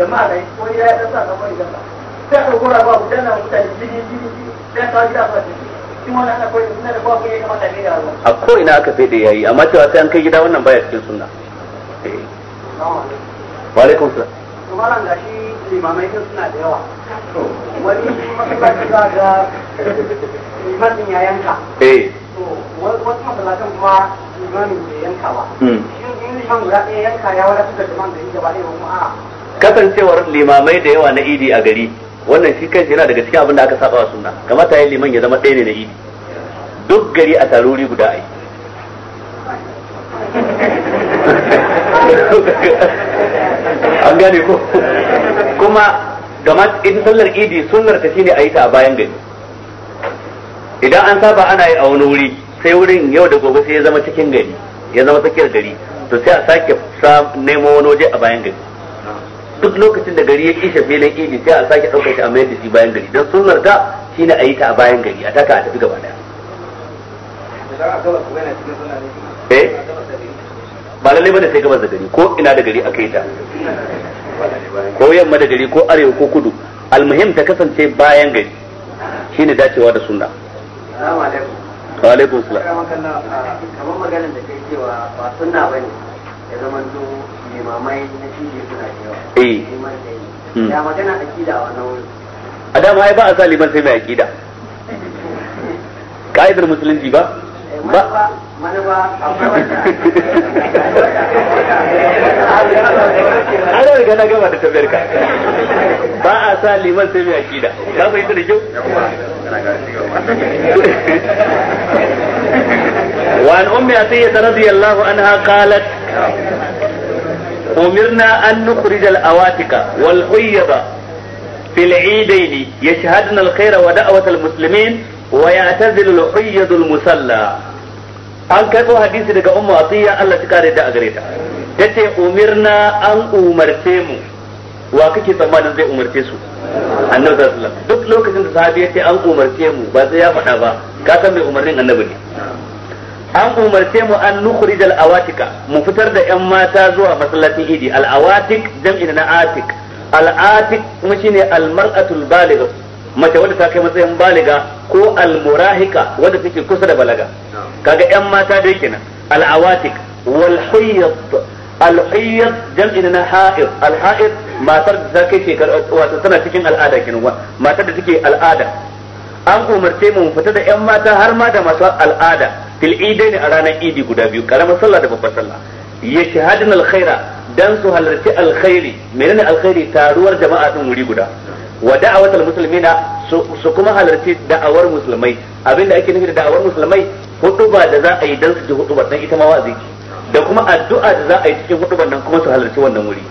jama'a da ko ya da sa ka bari da sai ka gora ba gudan nan mutane jini jini sai ka gida ba shi wannan ana koyi sunna da ba ku yi kamar da ne da a ko ina aka sai da yayi amma cewa sai an kai gida wannan baya cikin sunna eh. wa alaikum salam to malam da shi limamai sun suna da yawa wani masallaci za ga limamin ya yanka eh wasu masallacin kuma limamin bai yanka ba hmm. shi yin liman guda ɗaya yanka ya wadatar da liman da yi gaba ɗaya kuma a'a kasancewar limamai da yawa na idi a gari wannan shi kanshi yana daga cikin abin da aka saba wa sunna kamata yayin liman ya zama ɗaya ne na idi duk gari a taruri guda ai an gane ko kuma gama in sallar idi sunnar ta shine a yi ta a bayan gari idan an saba ana yi a wani wuri sai wurin yau da gobe sai ya zama cikin gari ya zama tsakiyar gari to sai a sake nemo wani waje a bayan gari duk lokacin da gari ya kishe filin idi sai a sake ɗaukar shi a mayar da shi bayan gari don sunar ta ne a yi ta a bayan gari a taka a tafi gaba daya eh? ba lalle bane sai gabas da gari ko ina da gari aka yi ta ko yamma da gari ko arewa ko kudu almuhim ta kasance bayan gari shi ne dacewa da suna. assalamu alaikum wa alaikum salam kamar da kai cewa ba bane ya zama to limamai na shi eh hmm. ya a wannan a dama ai ba a sa liman sai mai akida ka'idar musulunci ba eh, ba an riga na gama da tafiyar ka ba a sa liman sai mai akida ka fahimta da kyau وعن أم عطية رضي الله عنها قالت أمرنا أن نخرج الأواتك والحيض في العيدين يشهدن الخير ودعوة المسلمين ويعتزل الحيض المصلى an karɓo hadisi daga umma atiya Allah ta kare da a gare ta tace umirna an umarce mu wa kake tsammanin zai umarce su annabi sallallahu alaihi duk lokacin da sahabi ce an umarce mu ba sai ya faɗa ba ka san mai umarnin annabi ne an umarce mu an nukhrij al awatika mu fitar da yan mata zuwa masallacin idi al awatik jam'i na atik al atik kuma shine al mar'atul baligha mace wadda ta kai matsayin baliga ko al murahika wadda take kusa da balaga kaga yan mata dai kenan al awatik wal hayyat al hayyat jam'i na ha'id al ha'id matar da ta kai shekara wato tana cikin al'ada kenan matar da take al'ada an umarce mu fita da yan mata har ma da masu al'ada fil idaini a ranar idi guda biyu karamar sallah da babbar sallah ya shahadin alkhaira dan su halarci alkhairi menene alkhairi taruwar jama'a din wuri guda wa da'awat almuslimina su kuma halarci da'awar musulmai abinda ake nufi da da'awar musulmai huduba da za a yi dan su ji hudubar dan ita ma wa'azi da kuma addu'a da za a yi cikin hudubar nan kuma su halarci wannan wuri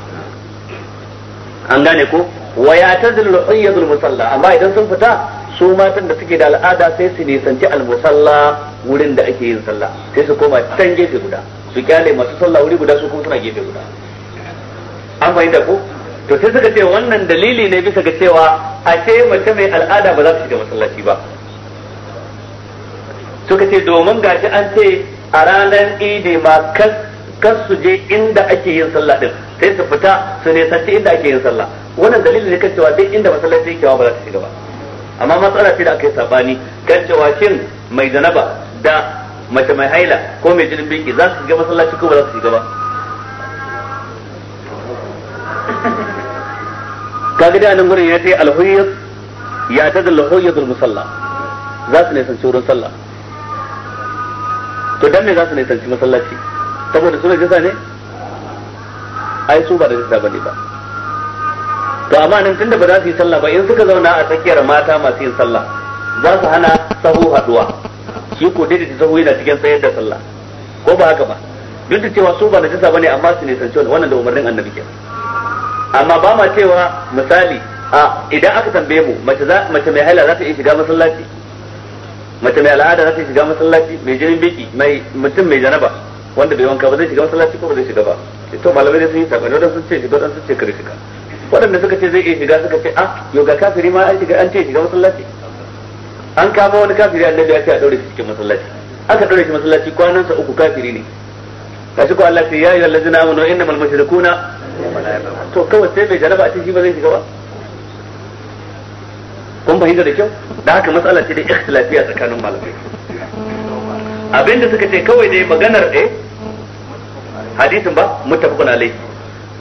an gane ko wa ya tazil ru'yatul musalla amma idan sun fita su matan da suke da al'ada sai su nisanci almusalla wurin da ake yin sallah sai su koma can gefe guda su kyale masu sallah wuri guda su kuma suna gefe guda an fahimta ku to sai suka ce wannan dalili ne bisa ga cewa a ce mace mai al'ada ba za ta shiga masallaci ba suka ce domin gashi an ce a ranar idi ma kas su je inda ake yin sallah din sai su fita su nisanci inda ake yin sallah wannan dalili ne kan cewa duk inda masallaci yake ba za ta shiga ba amma matsala ce da aka yi sabani kan cewa shin mai janaba da mace mai haila ko mai jinin biki za su shiga masallaci ko ba za su shiga ba kaga da nan gurin ya ce alhuyyat ya ta da alhuyyatul musalla za su nisanci wurin sallah to dan me za su nisanci masallaci saboda su ne jisa ne ai su ba da jisa bane ba to amma nan tunda ba za su yi sallah ba in suka zauna a tsakiyar mata masu yin sallah za su hana sahu haduwa shi ko da sahu yana cikin tsayar da sallah ko ba haka ba duk da cewa su ba najasa bane amma su ne sanci wannan da umarnin annabi ke amma ba ma cewa misali a idan aka tambaye mu mace mace mai haila za ta iya shiga masallaci mace mai al'ada za ta shiga masallaci mai jinin biki mai mutum mai janaba wanda bai wanka ba zai shiga masallaci ko ba zai shiga ba to malamai sun yi sabani wadansu sun ce shiga wadansu sun ce kare shiga waɗanda suka ce zai iya shiga suka ce ah yau kafiri ma an shiga an ce shiga masallaci an kama wani kafiri annabi ya ce a daure shi cikin masallaci aka daure shi masallaci kwanan sa uku kafiri ne kashi ko Allah ya yi na amanu innamal kuna. to kawai sai mai jaraba a cikin shi ba zai shiga ba kun fahimta da kyau da haka matsala ce da lafiya tsakanin malamai abinda suka ce kawai dai maganar eh hadisin ba muttafaqun alaihi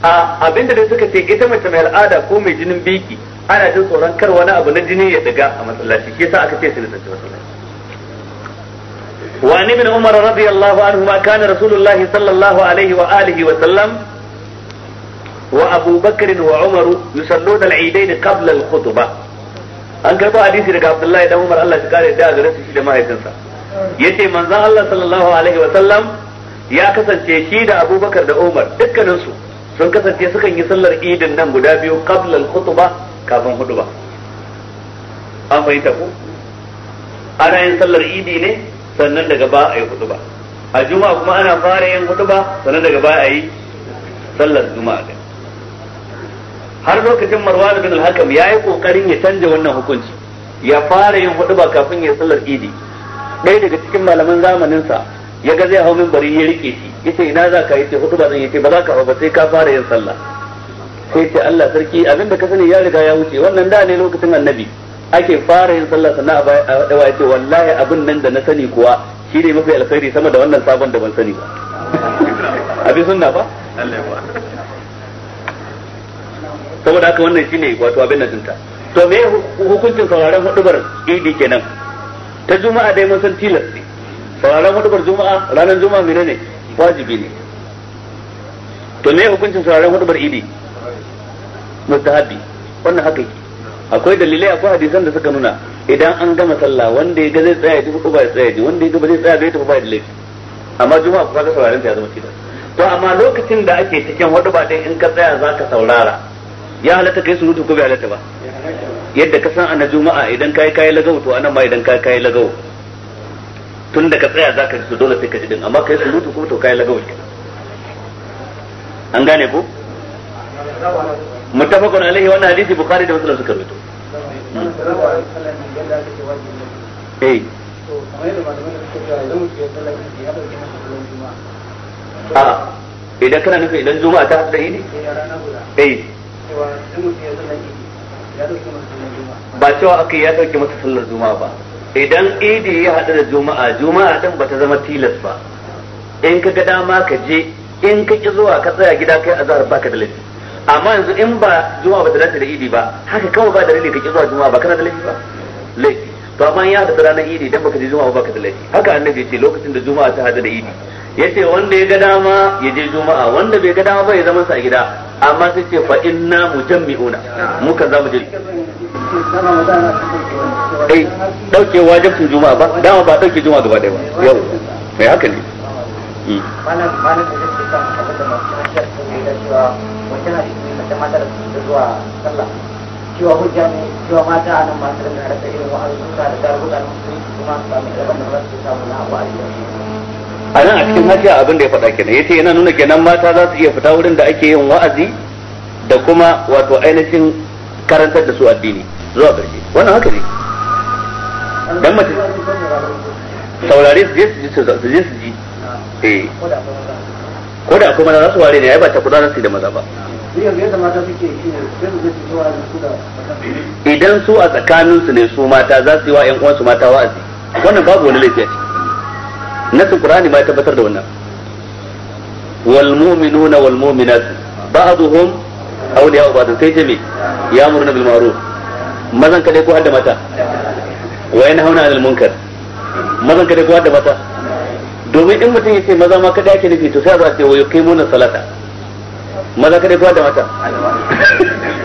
a abinda da suka ce ita mace mai al'ada ko mai jinin biki ana jin tsoron kar wani abu na jini ya daga a masallaci ke sa aka ce su Umar masallaci anhu ma kana rasulullahi sallallahu alaihi wa alihi wa sallam wa abu bakr wa umar yusalluna al يصلون qabla al-khutba an karɓo hadisi daga Abdullahi dan Umar Allah ya kare da gare shi da mahaifinsa yace manzon Allah sallallahu alaihi wa sallam ya kasance shi da Abubakar da Umar dukkaninsu su sun kasance sukan yi sallar idin nan guda biyu qabla khutba kafin huduba an fahimta ko ana yin sallar idi ne sannan daga ba a yi huduba a juma'a kuma ana fara yin huduba sannan daga ba a yi sallar juma'a din har lokacin Marwan bin al-Hakam yayi kokarin ya canja wannan hukunci ya fara yin huduba kafin ya sallar idi ɗaya daga cikin malaman zamaninsa ya ga zai hau bari ya rike shi yace ina za ka yace hutu ba zan yace ba za ka ba sai ka fara yin sallah sai ce Allah sarki abinda ka sani ya riga ya wuce wannan da ne lokacin annabi ake fara yin sallah sannan a baya a ce wallahi abin nan da na sani kuwa shi ne mafi alkhairi sama da wannan sabon da ban sani ba abin sunna ba saboda haka wannan shine wato abin nan ta to me hukuncin sauraron hudubar idi kenan ta juma'a dai mun san tilas ne sauraron hudubar juma'a ranar juma'a menene ne wajibi ne to me hukuncin sauraron hudubar idi mustahabi wannan haka yake akwai dalilai akwai hadisan da suka nuna idan an gama sallah wanda ya ga zai tsaya ji ko ba ya tsaya ji wanda ya ga ba zai tsaya zai tafi ba da laifi amma juma'a ku kaga sauraron ta ya zama kida to amma lokacin da ake cikin hudubar din in ka tsaya za ka saurara ya halatta kai surutu ko bai halatta ba yadda ka san ana juma'a idan kai kai lagawo to anan ma idan kai kai lagawo tun da ka tsaya ka ji su dole sai ka ji din amma kai surutu kuma to kai lagawul kenan an gane ko muttafaqun alaihi wannan hadisi bukhari da muslim suka rawaito eh a idan kana nufin idan juma'a ta haɗa ne eh ba cewa aka ya ɗauki masa sallar juma'a ba idan idi ya haɗu da juma'a juma'a din bata zama tilas ba in ka ga dama ka je in ka ki zuwa ka tsaya gida kai azhar baka da laifi amma yanzu in ba juma'a bata dace da idi ba haka kawai ba dalili ka ki zuwa juma'a ba kana da laifi ba laifi to amma ya haɗu da ranar idi idan baka je juma'a baka da laifi haka annabi ce lokacin da juma'a ta haɗu da idi yace wanda ya ga dama ya je juma'a wanda bai ga dama ba ya zama sa a gida amma sai ce fa inna mujammi'una mu kan za mu je ɗai ɗauke wajibcin juma'a ba dama ba dauke juma'a gaba ɗaya ba yau mai haka ne a nan a cikin hajiya abin da ya faɗa kenan ya ce yana nuna kenan mata za su iya fita wurin da ake yin wa'azi da kuma wato ainihin karantar da su addini zuwa ƙarshe wannan haka ne dan mace saurare su je su ji su je su ji eh ko da akwai maza za su ware ne ai ba ta kuɗa za su yi da maza ba idan su a tsakaninsu ne su mata za su yi wa 'yan uwansu mata wa'azi wannan babu wani laifi a ciki su qur'ani ma ya tabbatar da wannan wal mu'minuna wal mu'minat ba'dhum awliya'u ba'd sai ce me ya murna bil ma'ruf mazan kaɗai ko hadda mata wa hauna 'anil munkar mazan kada kuwa da mata domin in mutum ya ce maza ma kada yake nufi to sai za a ce wa munan salata maza kada kuwa da mata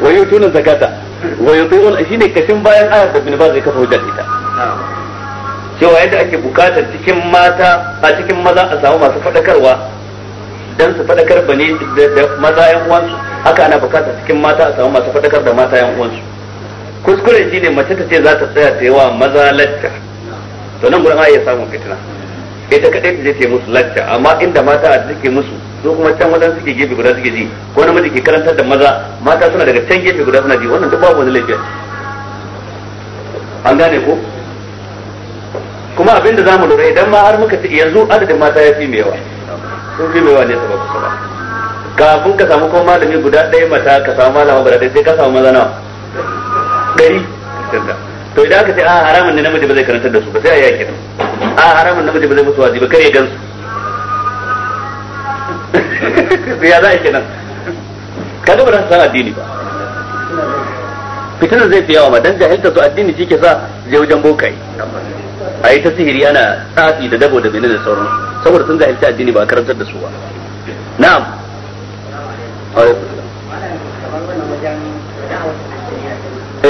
wa tunan zakata wa yuti'un shine kashin bayan ayar da bin ba zai kafa hujjar ita cewa yadda ake bukatar cikin mata a cikin maza a samu masu fadakarwa dan su fadakar bane da maza yan uwansu haka ana bukatar cikin mata a samu masu fadakar da mata yan uwansu kuskure ne mace ta ce za ta tsaya ta yi wa maza lacca to nan gurin ya samun fitina ita kadai ta je ta yi musu lacca amma inda mata a take musu su kuma can wajen suke gefe guda suke ji ko namiji ke karantar da maza mata suna daga can gefe guda suna ji wannan duk babu wani laifin an gane ko kuma abinda za mu lura idan ma har muka ce yanzu adadin mata ya fi mewa sun fi mewa ne saboda kusa kafin ka samu kuma malami guda ɗaya mata ka samu malama guda ɗaya sai ka samu maza nawa ɗari to idan aka ce a ah, haramun ne namiji ba zai karantar da su ba sai a yaki a ah, haramun namiji ba zai musu wajibi kare gan su ya za a kenan kaga ba za su san addini ba fitinan zai fi yawa ma dan jahilta su addini shi ke sa je wajen bokai a yi ta sihiri ana tsafi da dabo da bene da sauran saboda sun jahilta addini ba a karantar da su ba na'am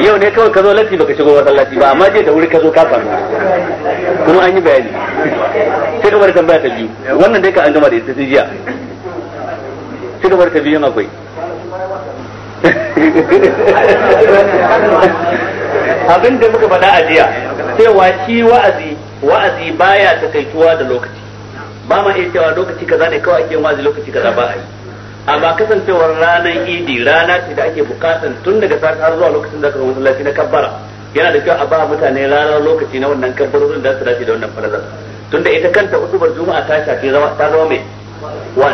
yau ne kawai ka zo lati baka shigo lati ba amma je da wuri ka zo ka samu kuma an yi bayani sai ka bar tambaya ta biyu wannan dai ka an gama da ita jiya sai ka bar ta biyu akwai abin da muka faɗa a jiya cewa shi wa'azi wa'azi baya takaituwa da lokaci ba ma iya cewa lokaci kaza ne kawai ake wa'azi lokaci kaza ba a yi amma kasancewar ranar idi rana ce da ake bukatan tun daga safe har zuwa lokacin da aka zama masallaci na kabbara yana da kyau a ba mutane ranar lokaci na wannan kabbarorin da su dace da wannan tun tunda ita kanta usubar juma'a ta shafi ta zama mai wan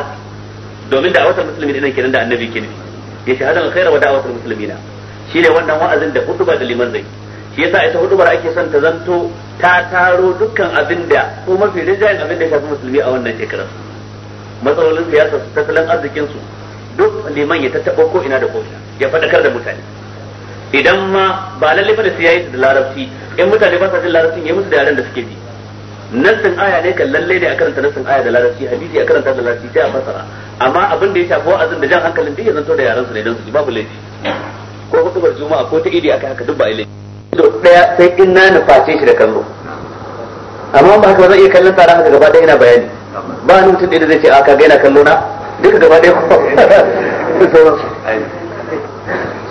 domin da awatar musulmi ne kenan da annabi ke nufi ya shahada ga khaira wa da'awatar shi ne wannan wa'azin da hudubar da liman zai shi yasa ita hudubar ake son ta zanto ta taro dukkan abin da ko mafi rijiyar abin da ya shafi musulmi a wannan shekarar matsalolin siyasa su tattalin arzikin su duk liman ya tattaɓa ko ina da kofi ya faɗakar da mutane idan ma ba lalle da sai yayi da larabci in mutane ba sa jin larabci yayi musu da yaren da suke bi nassin aya ne kan lalle ne a karanta nassin aya da larabci hadisi a karanta da larabci sai a fasara amma abin da ya shafi wa'azin da jan hankalin duk ya zanto da yaran su ne don su babu laifi ko hutubar juma'a ko ta idi aka haka duk ba laifi da daya sai in na nuface shi da kallo amma ba haka zan iya kallon tsara haka gaba ɗaya ina bayani ba ni mutum da zai ce a gaina kallo na duka gaba ɗaya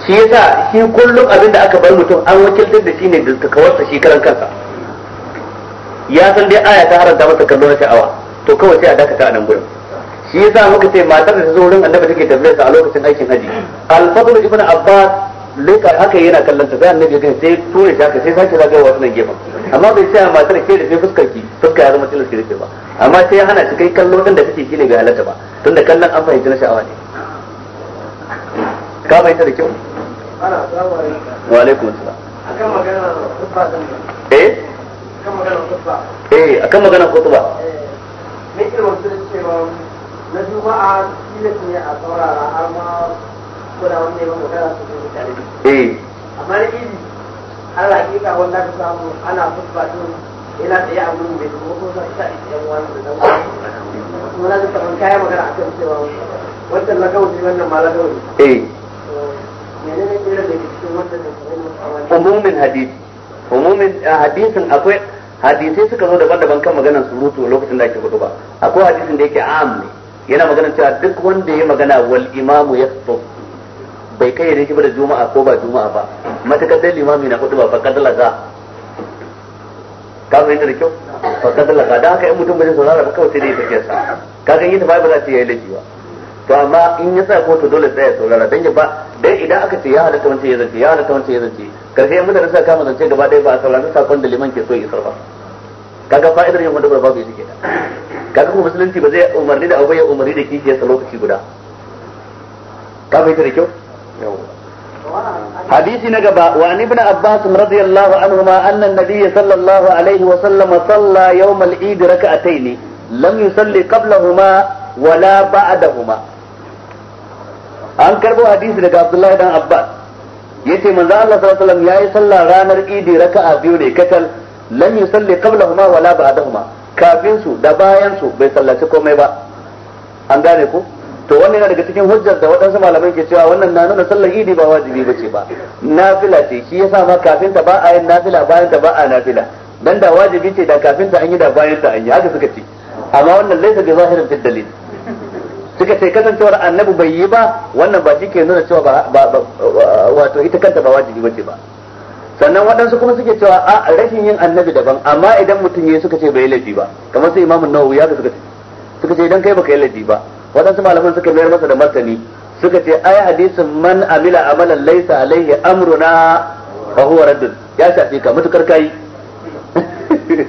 shi yasa shi kullum abin da aka bar mutum an wakiltar da shi ne da kawarsa shi karan kansa ya san dai aya ta haranta masa kallo na sha'awa to kawai sai a dakata a nan gurin shi yasa muka ce matar da ta zo wurin annabi take tambayar sa a lokacin aikin haji al-fadl ibn abbas leka haka yana kallon ta sai annabi gani sai tura shi haka sai sake zagaya wasu nan gefen amma bai sai matar ke da sai fuskar ki fuskar ya zama tilas ki rufe ba amma sai ya hana shi kai kallon din da kake shi ne bai halatta ba tunda kallon an fahimci na sha'awa ne ka ta da kyau wa alaikum assalam akan magana khutba din eh akan magana kutuba. eh akan magana khutba eh, eh, me ke wasu cewa na juma'a tilas ne a saurara amma ko wani wanda ya ba magana su zai mutane eh amma da izi har hakika wanda ka samu ana fuska to yana tsaye a gurin bai kuma ko sai ta ita yan wani da dan wani wala da tsaron kaya magana a akan cewa wannan lagawi wannan ma lagawi eh menene ne da ke cikin wannan da ke umumin hadisi umumin eh, hadisin akwai hadisai suka zo daban-daban kan maganar surutu a lokacin da ake hudu ba akwai hadisin da yake am ne yana magana cewa duk wanda ya magana wal imamu ya bai kai kayyade shi ba da juma'a ko ba juma'a ba matakar dai limami na hudu ba fa kadalaga ka fahimta da kyau fa kadalaga da haka in mutum bai saurara ba kawai sai dai tafiyar sa ka ga yadda ba za ta yi laifi ba to amma in ya tsaya ko to dole ya saurara dan ya ba dai idan aka ce ya halatta wancan ya zance ya halatta wancan ya zance karshe mun da ka kama zance gaba ɗaya ba a saurari sakon da liman ke so ya isar ba kaga fa'idar yin wanda babu ita kenan kaga kuma musulunci ba zai umarni da abu ya umarni da sa lokaci guda ka da kyau hadisi na gaba ابن ibn abbas الله عنهما anna النبي صلى sallallahu عليه wa صلى يوم yawm ركعتين لم يصلي قبلهما ولا بعدهما an karbo hadisi daga abdullahi dan abbas yace manzo Allah sallallahu alaihi wasallam yayi sallah ranar idi raka'a biyu ne katal lam yusalli qablahuma wala ba'dahuma kafin su da bayan su bai sallaci komai ba an gane ko to wannan yana daga cikin hujjar da waɗansu malamai ke cewa wannan na nuna sallar idi ba wajibi ba ce ba nafila ce shi yasa ma kafin ta ba a yin nafila bayan ta ba a nafila dan da wajibi ce da kafin ta an yi da bayan ta an yi haka suka ce amma wannan laisa bi zahirin fi dalil suka ce kasancewar annabi bai yi ba wannan ba shi ke nuna cewa ba wato ita kanta ba wajibi ba ce ba sannan waɗansu kuma suke cewa a rashin yin annabi daban amma idan mutum ya suka ce bai laifi ba kamar sai imamun nawawi haka suka ce suka ce idan kai baka yi laifi ba waɗansu malaman suka mayar masa da martani suka ce ai hadisin man amila amalan laisa alaihi amruna fa huwa raddun ya shafe ka mutukar kai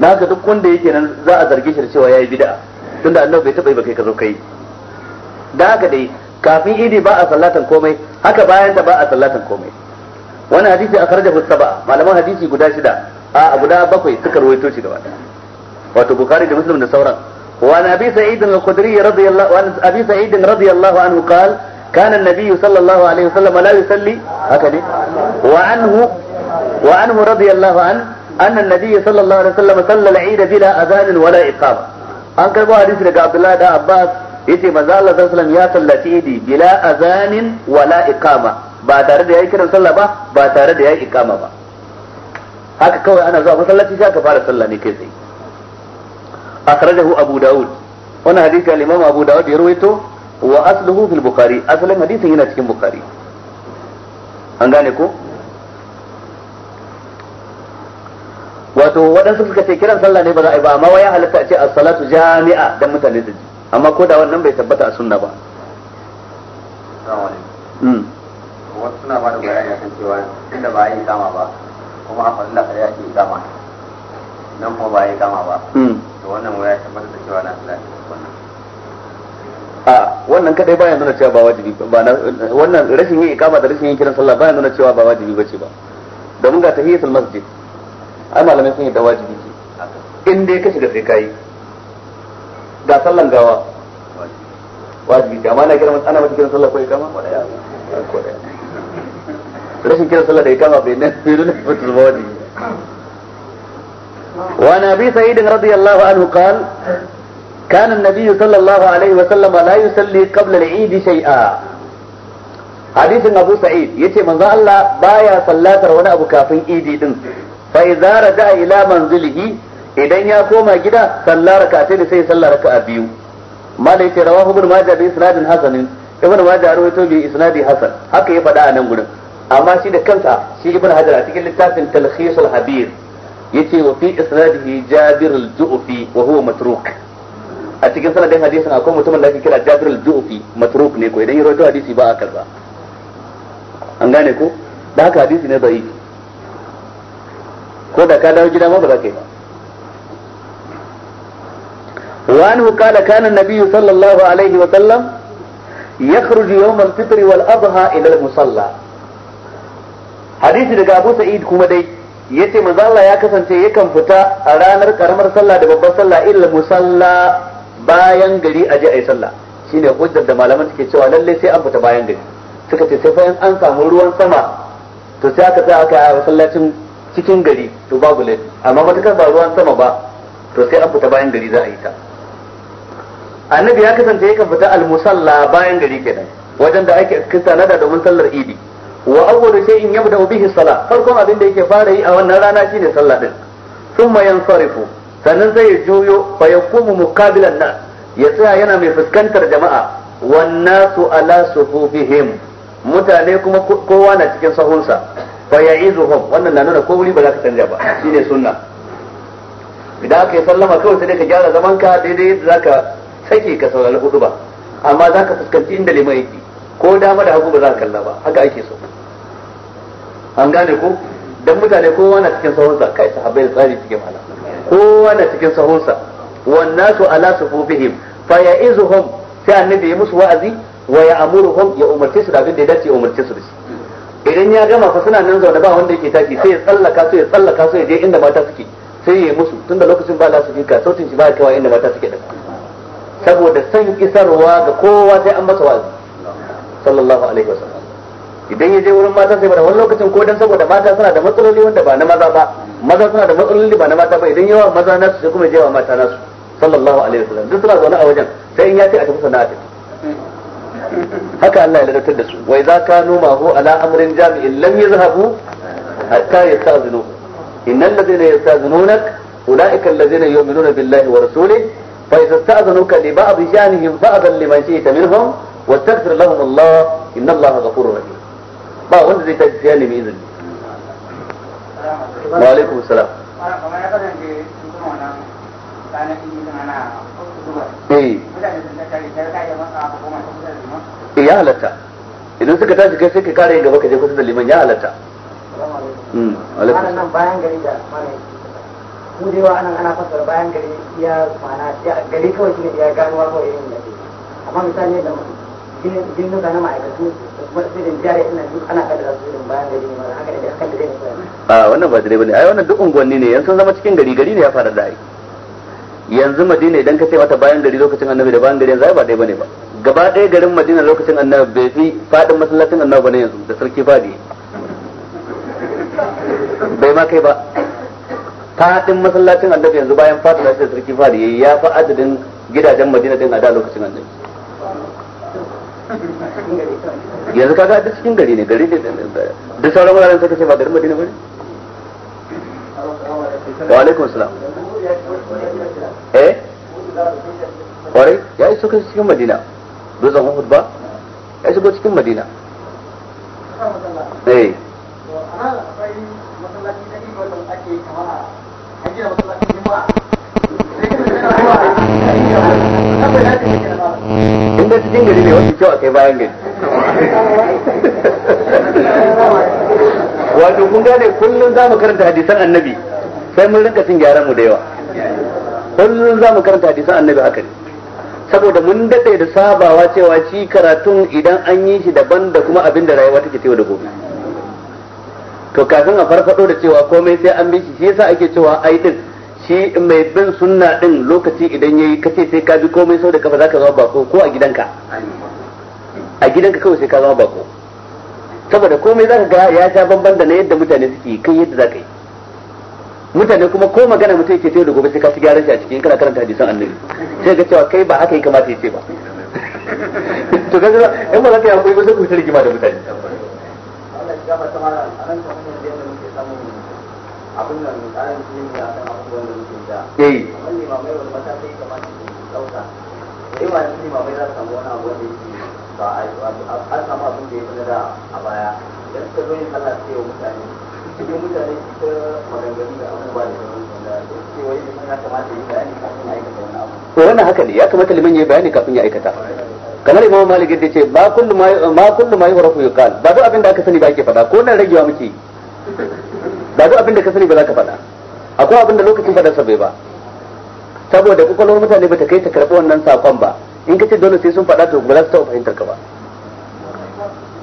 na haka duk wanda yake nan za a zargi shi da cewa yayi bid'a tunda annabi bai taba yi ba kai ka zo kai da haka dai kafin idi ba a sallatan komai haka bayan ta ba a sallatan komai wani hadisi a karjahu saba malaman hadisi guda shida a guda bakwai suka ruwaito shi gaba wato bukhari da muslim da sauran وعن أبي سعيد الخدري رضي الله وعن أبي سعيد رضي الله عنه قال كان النبي صلى الله عليه وسلم لا يصلي هكذا وعنه وعنه رضي الله عنه أن النبي صلى الله عليه وسلم صلى العيد بلا أذان ولا إقامة an karbo hadisi daga Abdullahi da Abbas yace manzo Allah sallallahu ya sallaci idi bila azanin wala iqama ba tare da yayi kiran sallah ba ba tare da yayi iqama ba haka kawai ana zuwa masallaci sai aka fara sallah akhrajahu abu daud wannan hadisi al-imam abu daud ya rawaito wa asluhu fil bukhari asalin hadisin yana cikin bukhari an gane ko wato waɗansu suka ce kiran sallah ne ba za a yi ba amma waya halatta a ce as-salatu jami'a dan mutane da ji amma ko da wannan bai tabbata a sunna ba wasu suna ba da bayani akan cewa inda ba ya yi dama ba kuma a faɗin da ya ke dama nan kuma ba ya kama ba hmm. to wannan waya tabbatar da cewa na lafiya a wannan kadai baya nuna cewa ba wajibi ba wannan rashin yin ikama da rashin yin kiran sallah baya nuna cewa ba wajibi bace ba domin ga tahiyatul masjid ai malamai sun yi da wajibi ce in dai ka shiga sai kai ga sallan gawa wajibi ce amma na kiran ana mata kiran sallah ko ikama ko daya ko daya rashin kiran sallah da ikama bai nan bai nuna ba wajibi وعن أبي سعيد رضي الله عنه قال كان النبي صلى الله عليه وسلم لا يصلي قبل العيد شيئا hadisin abu sa'id ya ce manzo Allah baya sallatar wani abu kafin idi din fa idza raja'a ila manzilihi idan ya koma gida salla rak'atayn sai salla raka'a biyu malai ce rawahu ibn majah bi isnadin hasanin ibn majah rawaito bi isnadi hasan haka ya faɗa a nan gurin amma shi da kansa shi ibn hajar a cikin littafin talkhisul habir yace wa fi isnadihi Jabir al-Ju'fi wa huwa matruk a cikin sanadin hadisin akwai mutumin da ake kira Jabir al-Ju'fi matruk ne ko idan ya rawaito hadisi ba a karba an gane ko da haka hadisi ne dai ko da ka dawo gida ma ba za ka yi ba وعنه قال كان النبي صلى الله عليه وسلم يخرج يوم الفطر والأضحى إلى المصلى حديث daga Abu Sa'id kuma dai yace ce Allah ya kasance yakan fita a ranar karamar sallah da babbar sallah illa musalla bayan gari a je a yi sallah shine hujjar da malaman suke cewa lalle sai an fita bayan gari suka ce sai bayan an samu ruwan sama to sai aka tsaya aka yi masallacin cikin gari to babu laifi amma matakar ba ruwan sama ba to sai an fita bayan gari za a yi ta annabi ya kasance yakan fita al musalla bayan gari kenan wajen da ake kisa nada domin sallar idi wa awwalu shay'in yabda'u bihi salat farkon abin da yake fara yi a wannan rana shine sallah din thumma yansarifu sannan sai ya juyo fa yakumu muqabilan nas ya tsaya yana mai fuskantar jama'a wan nasu ala suhufihim mutane kuma kowa na cikin sahunsa fa ya'izuhum wannan na nuna ko wuri ba za ka canja ba shine sunna idan aka yi sallama kawai sai ka gyara zaman zamanka daidai yadda zaka sake ka saurari hudu ba amma zaka fuskanci inda limai ko dama da hagu ba za a kalla ba haka ake so an gane ko dan mutane kowa na cikin sahunsa kai sahabbai da tsari cikin hala kowa na cikin sahunsa wan nasu ala sufufihim fa ya'izuhum sai annabi ya musu wa'azi wa ya'muruhum ya umarce su da abin da ya dace umarce su da shi idan ya gama fa suna nan zaune ba wanda yake taki, sai ya tsallaka su ya tsallaka su ya je inda mata suke sai ya musu tunda lokacin ba lasu fika sautin shi ba ya kawai inda mata suke da saboda san isarwa ga kowa sai an masa wa'azi sallallahu alaihi wasallam idan ya je wurin mata sai bada wani lokacin ko dan saboda mata suna da matsaloli wanda ba na maza ba maza suna da matsaloli ba na mata ba idan yawa maza nasu sai kuma wa mata nasu sallallahu alaihi wasallam duk suna zaune a wajen sai in ya ce a tafi sana'a tafi haka Allah ya ladatar da su wa idza kanu ma hu ala amrin jami'in lam yazhabu hatta yastazinu innal ladhina yastazinunak ulaika alladhina yu'minuna billahi wa rasulihi fa idza sta'zanuka li ba'd janihim ba'dan liman shi'ta minhum واستغفر لهم الله inna الله غفور رحيم ba wanda zai tashi sai ya nemi izini wa salam eh. Eh, ya halatta idan suka tashi kai sai ka kare gaba ka je kusa liman ya halatta hmm, alaikum bayan gari da mu dai wa anan ana fassara bayan gari ya mana gari kawai shine ya gano wa kawai irin da amma misali da mutum dinuka na ma'aikatu irin jari ina duk ana kaddara su bayan gari ne haka ne da kan da zai a wannan ba dai bane ai wannan duk unguwanni ne yanzu zama cikin gari gari ne ya fara da yanzu madina idan ka ce mata bayan gari lokacin annabi da bayan gari yanzu ba dai bane ba gaba ɗaya garin madina lokacin annabi bai fi fadin masallacin annabi bane yanzu da sarki fadi bai ma kai ba fadin masallacin annabi yanzu bayan fadin da sarki fadi ya fi adadin gidajen madina din a da lokacin annabi yanzu kaga duk cikin gari ne gari ne duk sauran wuraren suka ce ba garin madina bane wa alaikum salam eh kwarai ya iso kan cikin madina dutsen uhud ba ya shigo cikin madina eh na cikin gari ne wasu kyau a kai bayan gari wato kun gane kullum za mu karanta hadisan annabi sai mun rinka cin gyaran mu da yawa kullum za mu karanta hadisan annabi haka ne saboda mun daɗe da sabawa cewa shi karatun idan an yi shi daban da kuma abin da rayuwa take cewa da gobe to kafin a farfado da cewa komai sai an bi shi shi yasa ake cewa ai din shi mai bin sunna din lokaci idan yayi kace sai ka bi komai sau da kafa zaka zama bako ko a gidanka a gidanka kawai sai ka zama bako saboda komai zaka ga ya sha bamban da na yadda mutane suke kai yadda zaka yi mutane kuma ko magana mutum yake ce da gobe sai ka ci gyaran shi a cikin kana karanta hadisan annabi sai ga cewa kai ba haka yi kamata ya ce ba to ga kaga in ba za ka yi hakuri ba sai ku ta rigima da mutane abin nan tsarin eh to wannan haka ne ya kamata liman ya bayani kafin ya aikata kamar imam malik yadda ce ba kullu ma ma kullu ma yuhrafu yuqal ba duk abin da aka sani ba ake fada ko nan ragewa muke ba duk abin da ka sani ba za ka fada akwai abin da lokacin fadarsa bai ba saboda kwakwalwar mutane ba ta kai ta karɓi wannan sakon ba in ka ce dole sai sun faɗa to ba za su taɓa fahimtar ka ba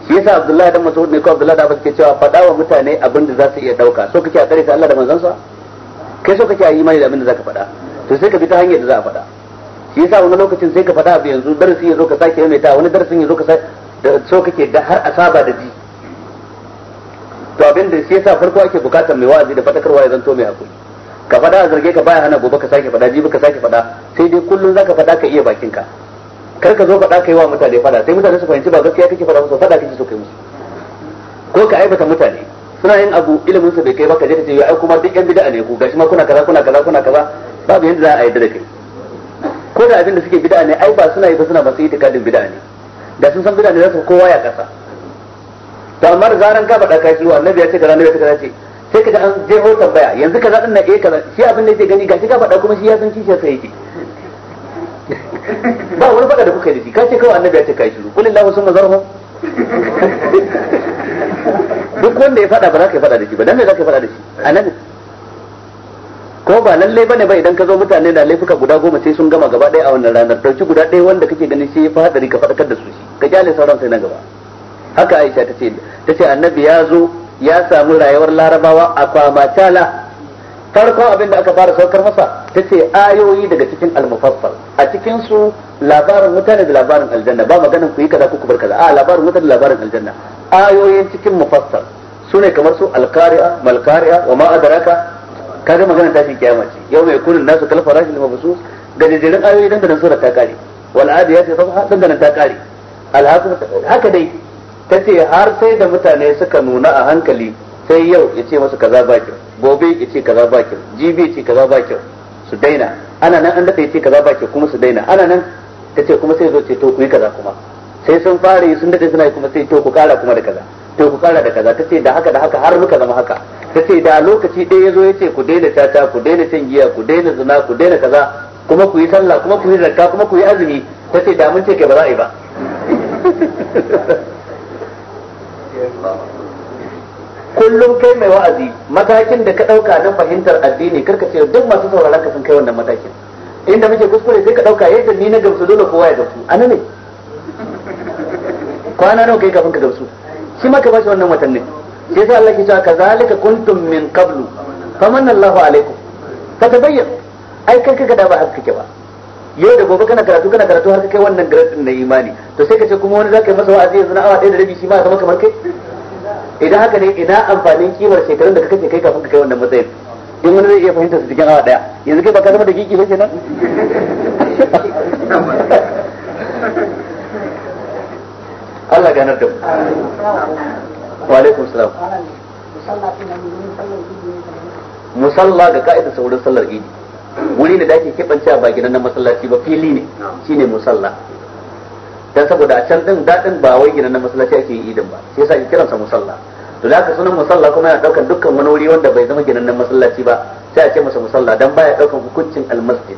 shi yasa abdullahi dan masu ne ko abdullahi da abbas ke cewa faɗa wa mutane abin da za su iya ɗauka so kake a tsare ta Allah da sa kai so kake a imani da abin da ka faɗa to sai ka bi ta hanyar da za a faɗa shi yasa wani lokacin sai ka faɗa abu yanzu darasin ya zo ka sake maimaita wani darasin ya zo ka sake so kake da har asaba da ji to abin da shi yasa farko ake bukatar mai wa'azi da fadakarwa ya zanto mai hakuri ka faɗa a zarge ka baya hana gobe ka sake faɗa jibi ka sake faɗa sai dai kullum za ka faɗa ka iya bakin ka kar ka zo faɗa yi wa mutane faɗa sai mutane su fahimci ba gaskiya kake faɗa musu faɗa kake so kai musu ko ka aibata mutane suna yin abu ilimin su bai kai ba ka je ka ce ai kuma duk yan bid'a ne ku gashi ma kuna kaza kuna kaza kuna kaza babu yanda za a yarda da kai ko da abin da suke bid'a ne ai ba suna yi ba suna masu itikadin bid'a ne da sun san bid'a ne za su kowa ya kasa to amma da zaran ka faɗa ka wa annabi ya ce kaza annabi ya ce sai kaga an jeho tambaya yanzu kaza din na eh kaza shi abin da yake gani gashi ka faɗa kuma shi ya san kishiyar sa yake ba wani faɗa da kuka yi da shi ka ce kawai annabi ya ce kai shiru kullu lahu summa zarhum duk wanda ya faɗa ba za ka faɗa da shi ba dan me za ka faɗa da shi annabi ko ba lallai bane ba idan ka zo mutane da laifuka guda goma sai sun gama gaba ɗaya a wannan ranar dauki guda ɗaya wanda kake ganin shi ya fi hadari ka faɗakar da su shi ka kyale sauran sai na gaba haka Aisha ta ce ta ce annabi ya zo ya samu rayuwar larabawa a kwamatala farkon abin da aka fara saukar masa ta ce ayoyi daga cikin almufassal a cikin su labarin mutane da labarin aljanna ba maganin ku yi kaza ku bar kaza a labarin mutane da labarin aljanna ayoyin cikin mufassal su ne kamar su alkari'a malkari'a wa ma adraka kaga magana ta fi kiyama ce yau mai kunin nasu kalfa rashin ga gajejjerin ayoyi dangane sura ta kare wal adiyati sabha dangane ta kare alhaka haka dai ta ce har sai da mutane suka nuna a hankali sai yau ya ce masa kaza ba kyau gobe ya ce kaza ba kyau jibi ya ce kaza ba kyau su daina ana nan an dafa ya ce kaza ba kyau kuma su daina ana nan ta ce kuma sai zo ce to ku yi kaza kuma sai sun fara yi sun daɗe suna yi kuma sai to ku kara kuma da kaza to ku kara da kaza ta ce da haka da haka har muka zama haka ta ce da lokaci ɗaya ya zo ya ce ku daina caca ku daina shan giya ku daina zina ku daina kaza kuma ku yi sallah kuma ku yi zakka kuma ku yi azumi ta ce da mun ce kai ba za a yi ba kullum kai mai wa'azi matakin da ka dauka na fahimtar addini karka ce duk masu sauraron ka sun kai wannan matakin inda muke kuskure sai ka dauka yadda ni na gamsu dole kowa ya gamsu anan ne kwana nawa kai kafin ka gamsu shi ma ka bashi wannan watanni sai sai Allah ke cewa kazalika kuntum min qablu famanallahu alaikum fatabayyan ai kai kaga da ba haka kake ba yau da gobe kana karatu kana karatu har kai wannan garadin na imani to sai ka ce kuma wani za ka yi masa wa'azi yanzu na awa ɗaya da rabi shi ma zama kamar kai idan haka ne ina amfanin kimar shekarun da ka kace kai kafin ka kai wannan matsayin in wani zai iya fahimta su cikin awa ɗaya yanzu kai ba ka zama da gigi ba kenan Allah ganar da mu wa alaikum salam musalla ga ka'ida sauran sallar idi wuri ne da ake kebance ba gidan na masallaci ba fili ne shine musalla dan saboda a can din dadin ba wai gidan na masallaci ake yi idin ba shi yasa ake kiransa musalla to da aka sunan musalla kuma yana daukan dukkan wani wuri wanda bai zama gidan na masallaci ba sai a ce masa musalla dan baya daukan hukuncin almasjid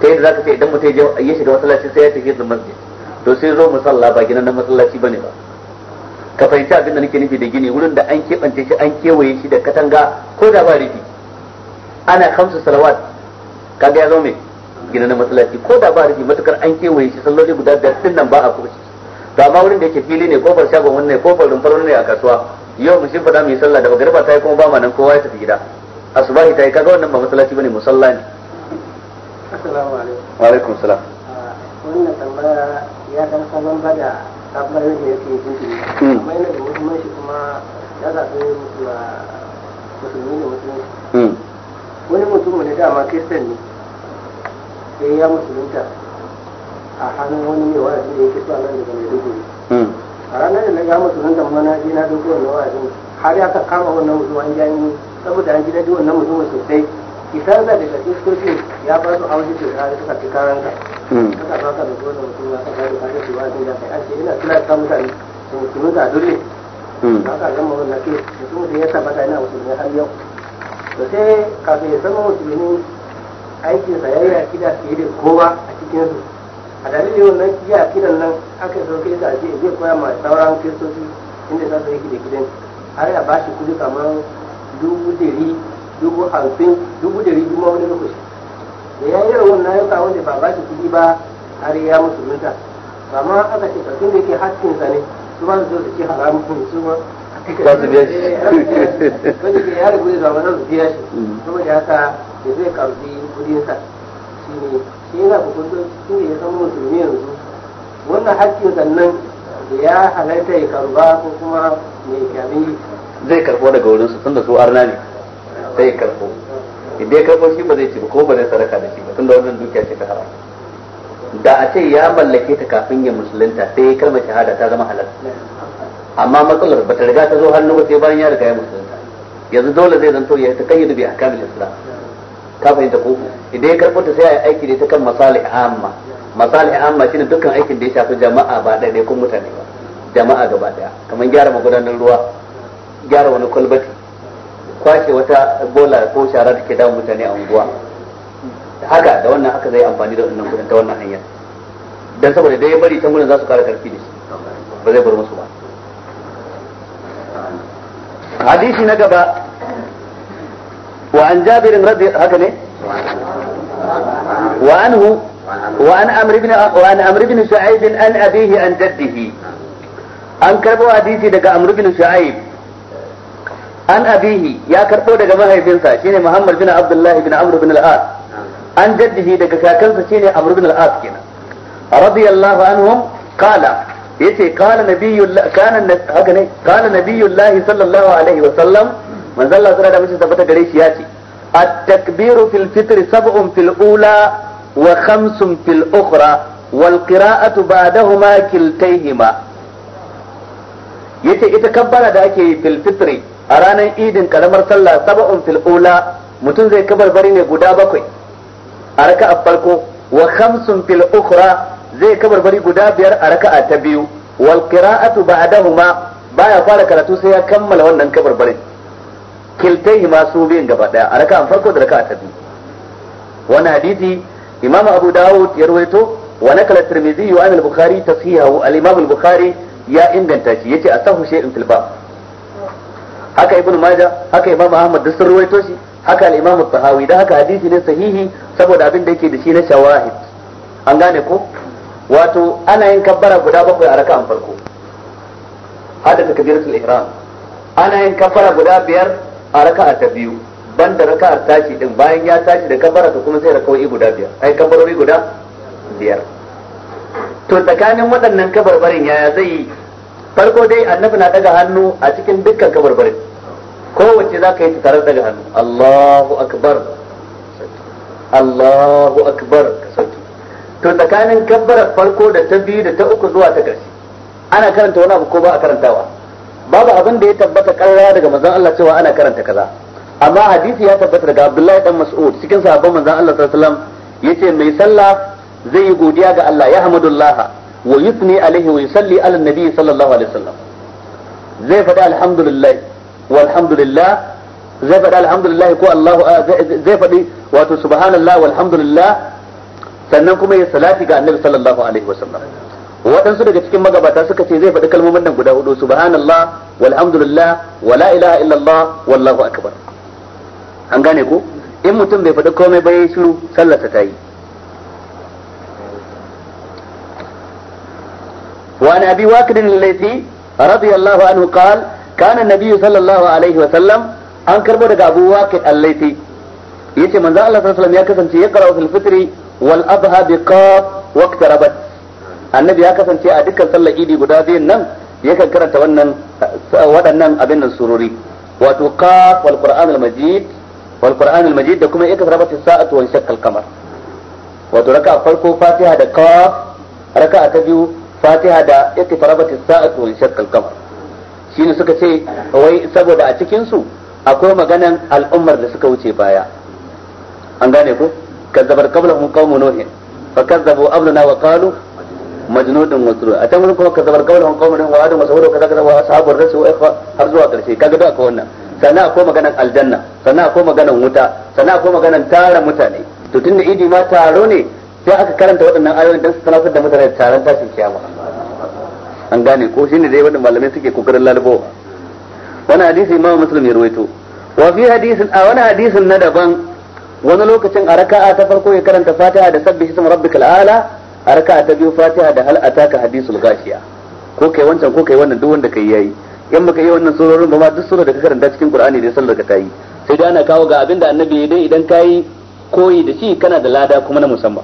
ta yadda zaka ce idan mutum ya shiga masallaci sai ya tafi zuwa masjid to sai zo musalla ba gidan na masallaci bane ba ka fahimci abin da nake nufi da gini wurin da an keɓance shi an kewaye shi da katanga ko da ba rufi ana kamsu salawat kaga ya zo mai gina na masallaci ko da ba rufi matukar an kewaye shi salloli guda biyar din nan ba a kuma shi to amma wurin da yake fili ne kofar shagon wani ne kofar rumfar wani ne a kasuwa yau mu shi fada mu sallah da magariba ta yi kuma ba ma nan kowa ya tafi gida asubahi ta yi kaga wannan ba masallaci bane musalla ne assalamu alaikum wa alaikum salam ah, wannan tambaya ya dan sanan ba da tabbatar da yake jinki hmm. amma yana da muhimmanci kuma ya zaɓi musulmi da musulmi hmm. wani mutum da dama kiristan ne sai ya musulunta a hannun wani mai wa'azi da ya so a nan daga maiduguri hmm. a ranar da na ya musulunta ma na je na wani wannan wa'azin har ya ka kama wannan mutum an jani saboda an ji daɗi wannan mutum sosai isan da daga kristocin ya ba su haushi jikin ta suka fi karanta hmm. suka ba ka da kowane mutum ya ka gani kada su wa'azin da kai an ce ina kira ta mutane su musulunta a dole hmm. ba ka gama wannan ke mutum da ya tabbata ina musulunta har yau da sai kafin ya zama aikin aikinsa ya yi akida fiye da kowa a cikinsu a dalilin wannan iya akidan nan aka sauke ta ce zai koya ma sauran kristoci inda za su yi gidan har ya bashi kudi kamar dubu dari dubu hamsin dubu dari dubu wani lokaci da ya yi rawar na yauka wanda ba bashi kudi ba har ya musulunta ba ma aka ce karfin da yake hakkinsa ne su ba su zo su ce haramun su ba za su biya shi ya rabu da zama za su biya shi saboda haka da zai karbi kudinsa shi ne shi yana bukuntun shi ne ya san musulmi yanzu wannan hakkin sannan da ya halatta ya karba ko kuma mai kyamin zai karbo daga wurin su tunda su arna ne sai ya karbo idan ya karbo shi ba zai ci ba ko ba zai sadaka da shi ba tunda wannan dukiya ce ta haram da a ce ya mallake ta kafin ya musulunta sai ya kalmar shahada ta zama halal amma matsalar bata riga ta zo hannu ba sai bayan ya riga ya musulunta yanzu dole zai zanto ya ta kayyade bi ahkamul islam ka fahimta ko idan ya karɓo ta sai yi aiki ne ta kan a amma a amma shine dukkan aikin da ya shafi jama'a ba ɗaya kun mutane ba jama'a gaba ɗaya kamar gyara magudanar ruwa gyara wani kwalbati kwashe wata bola ko shara da ke damun mutane a unguwa haka da wannan aka zai amfani da wannan kudin ta wannan hanyar dan saboda dai ya bari ta za su kara karfi da shi ba zai bar musu ba hadisi na gaba wa an jabirin radi haka ne wa anhu wa an amr ibn wa an amr an abihi an jaddihi an karbo hadisi daga amr ibn shu'aib an abihi ya karbo daga mahaifinsa shine muhammad bin abdullah bin amr bin al-as an jaddihi daga kakansa shine amr bin al-as kenan radiyallahu anhum qala yace kana nabiyullah kana haka ne kana nabiyullah sallallahu alaihi wa sallam manzo Allah sura da mutum tabbata gare shi yace at-takbiru fil fitr sab'un fil ula wa khamsun fil ukhra wal qira'atu ba'dahuma kiltayhima yace ita kabbara da ake yi fil fitri a ranar idin karamar sallah sab'un fil ula mutum zai bari ne guda bakwai a raka'a farko wa khamsun fil ukhra zai bari guda biyar a raka'a ta biyu wal qira'atu ba'dahuma baya fara karatu sai ya kammala wannan kiltai ma su biyan gaba daya a raka'an farko da raka'a ta biyu wannan hadisi imam abu dawud ya rawaito wa nakala tirmidhi wa an al-bukhari tasihahu al-imam al-bukhari ya inganta shi yace asahu shay'in fil bab haka ibn maja haka imam ahmad da sun rawaito shi haka al-imam tahawi da haka hadisi ne sahihi saboda abin da yake da shi na shawahid an gane ko wato ana yin kabbara guda bakwai a raka'an farko hada kabiratul ihram ana yin kabbara guda biyar a raka'a ta biyu banda raka'ar tashi din bayan ya tashi da kabbara ta kuma sai raka'o'i guda biyar ai kabbarori guda biyar to tsakanin waɗannan kabarbarin yaya zai yi farko dai annabi na daga hannu a cikin dukkan kabarbarin kowace za ka yi ta tare daga hannu Allahu akbar Allahu akbar ka sauke to tsakanin kabbarar farko da ta biyu da ta uku zuwa ta ƙarshe ana karanta wani abu ko ba a karantawa babu abin da ya tabbata karara daga manzon Allah cewa ana karanta kaza amma hadisi ya tabbata daga Abdullahi dan Mas'ud cikin sahabban manzon Allah sallallahu alaihi wasallam yace mai sallah zai yi godiya ga Allah ya hamdulillah wa yusni alaihi wa yusalli ala nabi sallallahu alaihi wasallam zai faɗi alhamdulillah walhamdulillah zai faɗi alhamdulillah ko Allahu zai faɗi wato subhanallah walhamdulillah sannan kuma ya salati ga annabi sallallahu alaihi wasallam waɗansu daga cikin magabata suka ce zai faɗi kalmomin nan guda hudu subhanallah walhamdulillah wala ilaha illallah wallahu akbar an gane ko in mutum bai faɗi komai ba yayi shiru sallar ta yi wa أبي واكد الليثي رضي radiyallahu anhu qala kana nabiyyu sallallahu alaihi wasallam an karbo daga abu واكد الليثي يتي من ذا الله صلى الله ya kasance ya في يقرأ في الفطر wal abha bi qaf waqtarabat annabi ya kasance a dukkan sallar idi guda biyun nan ya karanta wannan waɗannan abin nan sururi wato qaf wal qur'an al majid wal qur'an al majid da kuma iktarabat as-sa'atu wa shaqqa al qamar wato raka'a farko fatiha da qaf raka'a ta biyu fatiha da iktarabat as-sa'atu wa shaqqa al qamar shine suka ce wai saboda a cikin su akwai maganan al'ummar da suka wuce baya an gane ku. كذب قبلهم قوم نوح فكذبوا أمرنا وقالوا مجنود وسرور أتم منكم كذب قبلهم قوم نوح وعاد وسهود وكذا كذا وأصحاب الرس وإخوة أرجو أكرشي كذا أكو sannan akwai maganan aljanna sannan akwai maganan wuta sannan akwai maganan tara mutane to tunda idi ma taro ne sai aka karanta waɗannan ayoyin dan su sanar da mutane taron tashin kiyama an gane ko shine dai waɗannan malamai suke kokarin lalubo wani hadisi imam a wani hadisin na daban wani lokacin a raka'a ta farko ya karanta fatiha da sabbi ism rabbikal a'la a raka'a ta biyu fatiha da hal ataka hadisul Lugashiya. ko kai wancan ko kai wannan duk wanda kai yayi in baka yi wannan surorin ba ma duk surar da ka karanta cikin qur'ani dai sallar ka yi. sai dai ana kawo ga abinda annabi ya dai idan kayi koyi da shi kana da lada kuma na musamman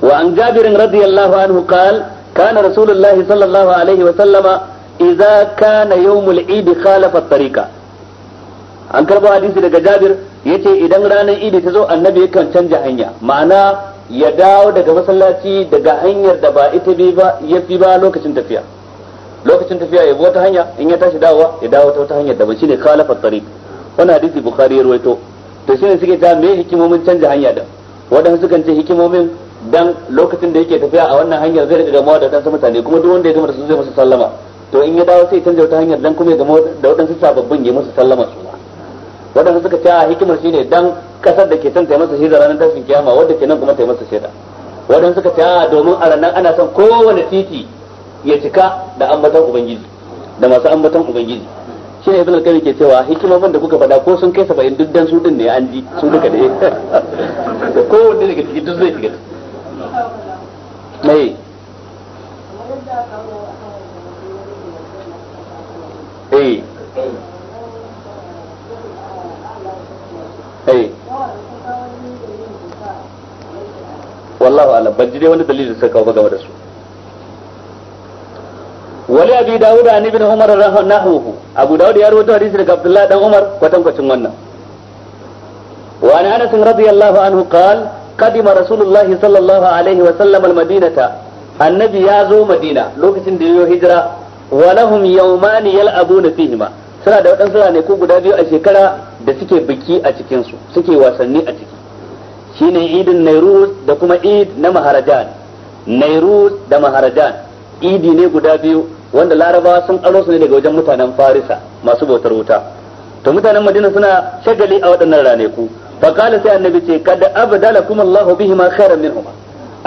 wa an jabirin radiyallahu anhu qala kana rasulullahi sallallahu alaihi wa sallama idza kana yawmul يوم khalafa خالف الطريقة an karbo hadisi daga Jabir yace idan ranar Idi ta zo annabi yakan canja hanya ma'ana ya dawo daga masallaci daga hanyar da ba ita bi ba ya fi ba lokacin tafiya lokacin tafiya ya bi wata hanya in ya tashi dawowa ya dawo ta wata hanyar da ba shine khalafa tariq wannan hadisi bukhari ya ruwaito to shine suke ta me hikimomin canja hanya da wadanda suka ce hikimomin dan lokacin da yake tafiya a wannan hanyar zai riga gamawa da wadansu mutane kuma duk wanda ya gama da su zai musu sallama to in ya dawo sai ya canja wata hanyar dan kuma ya gama da wadansu sababbin ya musu sallama su waɗanda suka ce ah, hikimar shi ne dan kasar da ke can ta masa da ranar tashin kiyama wadda ke nan kuma ta masa shaida waɗanda suka ce ah, domin a ranar ana son kowane titi ya cika da ambatan ubangiji da masu ambatan ubangiji shi ne ibn kai ke cewa hikimar da kuka faɗa ko sun kai saba'in duk dan su ɗin ne an ji su duka ne kowanne daga cikin duk zai shiga mai eh eh wallahu ala ban ji dai wani dalili sai kawo game da su wali abi dawud an ibn umar rahimahu abu dawud ya rawaito hadisi daga abdullah dan umar kwatankwacin wannan wa ana anas radiyallahu anhu qal qadima rasulullah sallallahu alaihi wa sallam almadinata annabi ya zo madina lokacin da yayi hijira wa lahum yawman yal'abuna fihima suna da wadansu ne ko guda biyu a shekara da suke biki a cikinsu suke wasanni a ciki shine idin nairuz da kuma id na maharajan nairuz da maharajan idi ne guda biyu wanda larabawa sun aro su ne daga wajen mutanen farisa masu bautar wuta to mutanen madina suna shagali a waɗannan ranaku fa qala sai annabi ce kad abdalakum allahu bihima khairan minhuma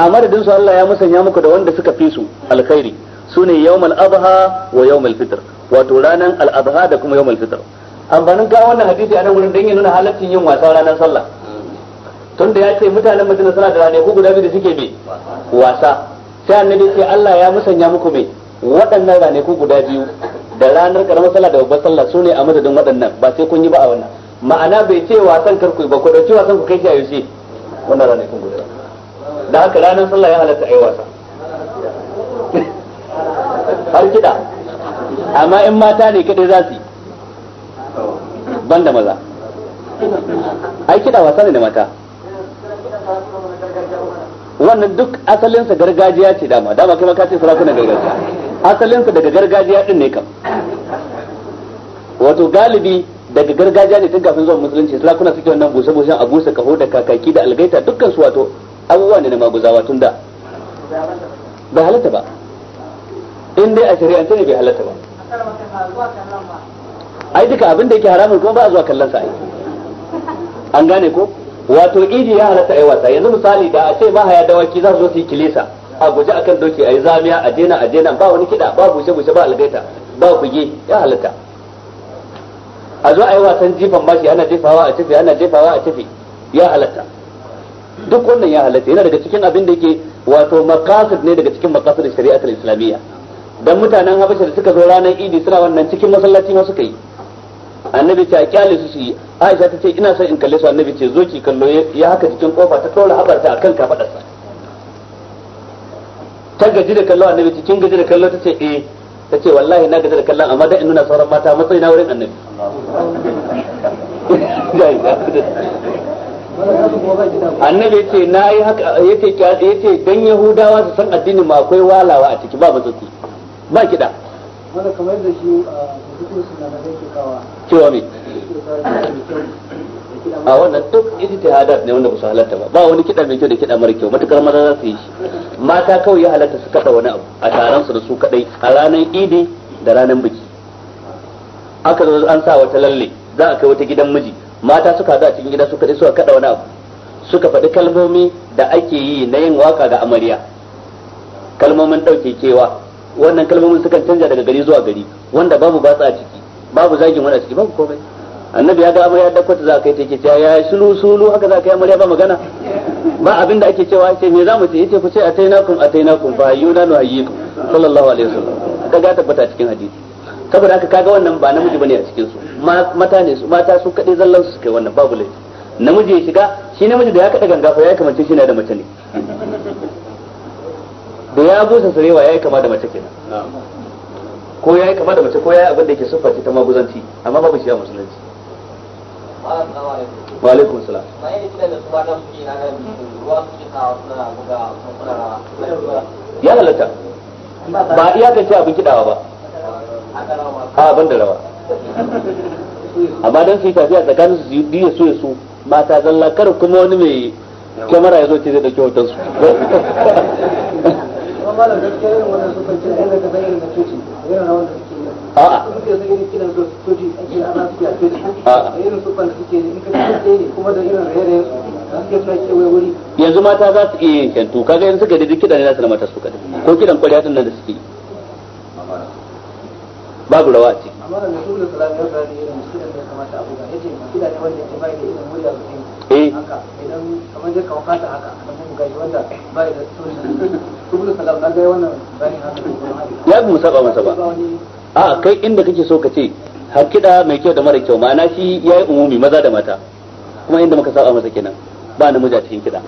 amma da dinsu Allah ya musanya muku da wanda suka fi su alkhairi sune yawmal adha wa yawmal fitr wato ranan al adha da kuma yawmal fitr amfanin ga wannan hadisi a nan wurin dan ya nuna halaccin yin wasa ranar sallah tun da ya ce mutanen madina suna da rane guda biyu da suke bi wasa sai annabi ce Allah ya musanya muku me waɗannan rane ku guda biyu da ranar karamar sallah da babbar sallah su ne a madadin waɗannan ba sai kun yi ba a wannan ma'ana bai ce wasan karku ba ku dauki wasan ku kai shi a yaushe wannan rane kun guda da haka ranar sallah ya halatta ai wasa har kida amma in mata ne kadai za su yi Ban da maza ai kiɗa wasa ne da mata wannan duk asalinsa gargajiya ce dama dama kai ka ce sarakunan gargajiya asalinsa daga gargajiya din ne kam wato galibi daga gargajiya ne tun kafin zuwa musulunci sarakuna suke wannan busa-busan a busa kaho da kakaki da algaita dukkan su wato abubuwa ne na maguzawa tun da ba halatta ba in dai a shari'ance ne bai halatta ba ai duka abin da yake haramun kuma ba a zuwa kallon sa an gane ko wato idi ya halatta ai wasa yanzu misali da a ce mahaya dawaki za su zo su yi kilisa a guje akan doki ai zamiya a jena a jena ba wani kida ba bushe bushe ba algaita ba kuge ya halatta a zo ai wasan jifan bashi ana jefawa a tafi ana jefawa a tafi ya halatta duk wannan ya halatta yana daga cikin abin da yake wato maqasid ne daga cikin maqasid shari'atul islamiyya dan mutanen habasha da suka zo ranar idi suna wannan cikin masallaci ma suka yi annabi ce a kyale su su yi aisha ta ce ina son in kalle su annabi ce zo ki kallo ya haka cikin kofa ta tora habarta akan sa. ta gaji da kallo annabi cikin gaji da kallo ta ce eh ta ce wallahi na gaji da kallon amma da in nuna sauran mata matsayi na wurin annabi annabi ce na yi haka ya ce dan yahudawa su san addinin ma akwai walawa a ciki ba matsatsi ba da. wanda kamar da shi a uh, cikin sinadarai ke kawa cewa me a wannan duk ijtihadat ne wanda ba su halatta ba ba wani kiɗa mai kyau da kiɗa mara kyau matukar maza za su yi shi mata kawai ya halatta su kaɗa wani abu a taron su da su kaɗai a ranar idi da ranar biki aka zo an sa wata lalle za a kai wata gidan miji mata suka haɗu a cikin gida su kaɗai suka kaɗa wani abu suka faɗi kalmomi da ake yi na yin waka ga amarya kalmomin ɗauke kewa wannan kalmomin sukan canja daga gari zuwa gari wanda babu batsa a ciki babu zagin wani a ciki babu komai annabi ya ga amarya da kwata za ka yi take cewa ya sulu sulu haka za ka yi amarya ba magana ba abin da ake cewa ce me za mu ce yace ku ce a A kun? atainakum kun fa na nu hayyikum sallallahu alaihi wasallam kaga tabbata cikin hadisi saboda haka kaga wannan ba namiji bane a cikin su mata ne su mata su kadai zallan su kai wannan babu laifi namiji ya shiga shi namiji da ya kada ganga fa ya kamance shi na da mace ne da ya busa ya yi kama da mace kenan ko ya yi kama da mace ko ya yayi abin da yake siffa ta maguzanci amma babu shi a musulunci wa alaikum ya halatta ba iya ka ce abin kidawa ba a abin da rawa amma don su yi tafiya tsakanin su yi biyu su su mata zalla kar kuma wani mai kyamara ya zo ce zai dauki hoton su yanzu mata za su iya yin to kaga yanzu gari duk kidan nasu na mata su kada ko kidan kwariya hadin nan da suke babu rawa a amma da su da salamu ya zai irin da kamata abubuwa ce kidan ne wanda da irin Eh. kamar ba da ya mu saba masa ba a kai inda kake so ka ce hakida mai kyau da mara kyau ma'ana shi ya yi umumi maza da mata kuma inda muka saba masa kenan ba namiji a cikin kida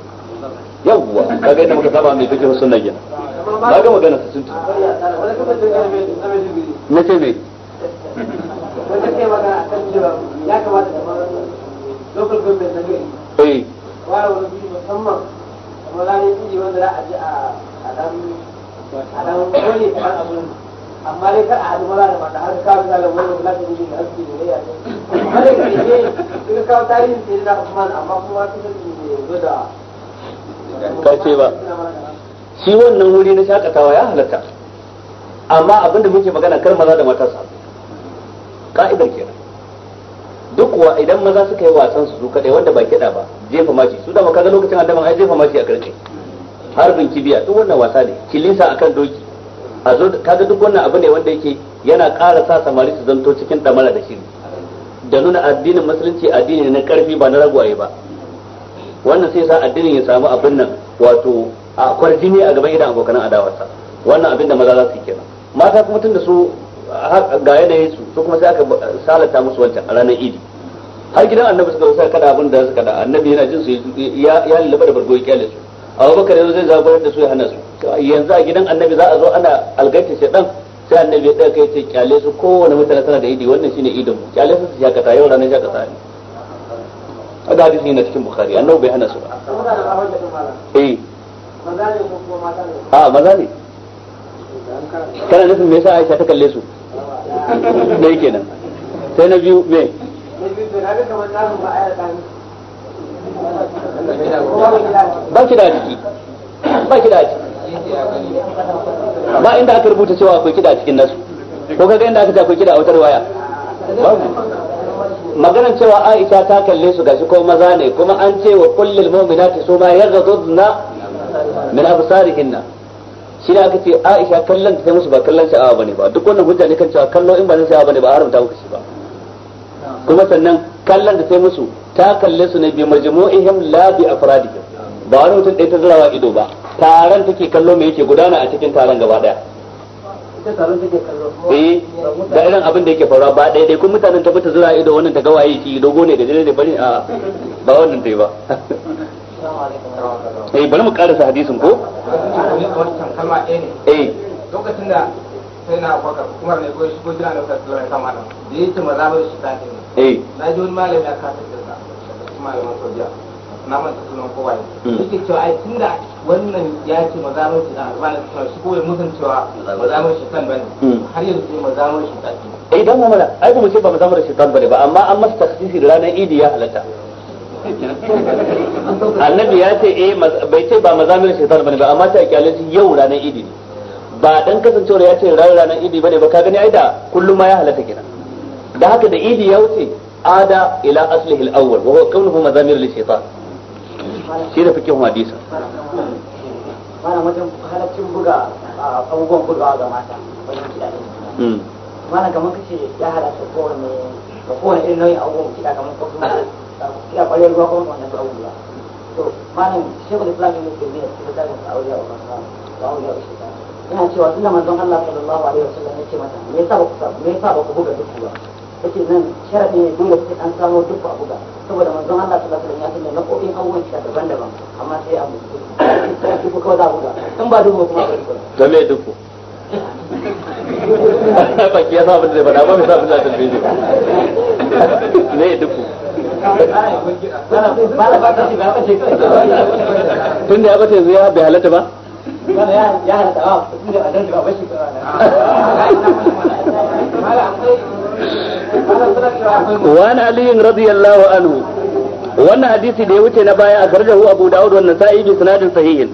yawwa kaga inda muka saba mai fikihu sunna kenan ba ga magana su cinta na ce me ya kamata local government na gari eh. ware wani guri musamman kamar ranar inji wanda za a ji a dan a dan wani kamar abin amma dai kar a haɗu mara da mata har kawo zalar wani wani lafi ne da haske da ya ce amma dai kare ne kawo tarihin sai na usman amma kuma su sani ne zo da karshe ba shi wannan wuri na shakatawa ya halatta amma abinda muke magana kar maza da mata su haɗu ka'idar kenan duk wa idan maza suka yi wasan su kadai wanda ba kiɗa ba jefa mashi su da ba kaga lokacin annaban ai jefa mashi a karshe harbin kibiya duk wannan wasa ne kilisa akan doki a zo kaga duk wannan abu ne wanda yake yana ƙara sa samari su zanto cikin damara da shiri da nuna addinin musulunci addini ne na karfi ba na ragwaye ba wannan sai sa addinin ya samu abin nan wato a kwarjini a gaban idan abokan adawarsa wannan abin da maza za su yi kenan mata kuma tun da su ga yanayin su su kuma sai aka salata musu wancan a ranar idi har gidan annabi suka rusa kada abin da suka da annabi yana jin su ya ya lallaba da bargo ya kyale su bakar yanzu zai zagoyar da su ya hana su yanzu a gidan annabi za a zo ana algaita shaɗan sai annabi ya ɗaya kai ce kyale su kowane mutane tana da idi wannan shine idin mu kyale su su kata yau ranar shakata ne a haka hadisi na cikin bukari annabi bai hana su ba eh a maza ne ah, kana nufin me yasa Aisha ta kalle su dai kenan sai na biyu me ba ki da ciki ba ki da ciki ba inda aka rubuta cewa akwai kida a cikin nasu ko kaga inda aka ce akwai kida a wutar waya maganar cewa Aisha ta kalle su gashi ko maza ne kuma an ce wa kullil mu'minati su ma yaghdudna min absarihinna shi ne aka ce Aisha kallon ta musu ba kallon sha'awa bane ba duk wannan hujja ne kan cewa kallo in ba na sha'awa bane ba haramta muku shi ba kuma sannan kallon da sai musu ta kalle su ne bi majmu'ihim la bi afradihim ba wani mutum ɗaya ta zarawa ido ba taron take kallo me yake gudana a cikin taron gaba daya eh da irin abin da yake faruwa ba ɗaya dai kun mutanen ta bata zira ido wannan ta ga waye shi dogo ne da jire ne bari a ba wannan dai ba eh bari mu karasa hadisin ko eh lokacin da sai na abubakar umar ne ko shi ko jira na kuka sulama ya kama da da yake mazabar shi ta ne eh. na ji wani malami ya kasa jirga shi malamin saudiya na manta sunan kowa ne hmm. yake cewa ai tun da wannan ya ce mazabar shi ta albanin cewa shi kowai musan cewa mazabar shi kan bane hmm. har yanzu sai mazabar shi ta ne idan mu mana ai kuma ce ba mazabar shi ta bane ba amma an masa tasiri ranar idi ya halatta annabi ya ce eh bai ce ba mazamin shaitan bane ba amma ta kyalaci yau ranar idi ne ba dan kasancewar ya ce ran ranar idi bane ba ka gani ai da kullum ma ya halatta kenan da haka da idi ya wuce ada ila aslihi al-awwal wa huwa kaunuhu mazamir li shaytan shi da fikihu hadisa mana wajen halaccin buga abubuwan buga ga mata wajen kiɗa ne mana kamar kace ya halatta kowane ga kowane irin nau'in abubuwan kiɗa kamar kofin kiɗa ƙwarewar ruwa ko wani wannan abubuwa to mana shekul islam ne ke biyar da ta aure a wajen ba aure a wajen yana cewa tunda manzon Allah sallallahu alaihi wasallam yace mata me yasa ba ku me yasa ba ku buga duk ba yace nan sharadi ne dole sai an samu duk a buga saboda manzon Allah sallallahu alaihi wasallam ya sanya nakobin abubuwan shi daban-daban amma sai a sai ku kawai za buga in ba duk kuma da me duk ba ki yasa abin da ba ba mai sa da tambaye ne ne duk tun da ya bata yanzu ya bai halatta ba ya ya halatta ba kudin wannan hadisi da ya wuce na baya a karjahu abu da'ud wa nasa'i bi sanadin sahihin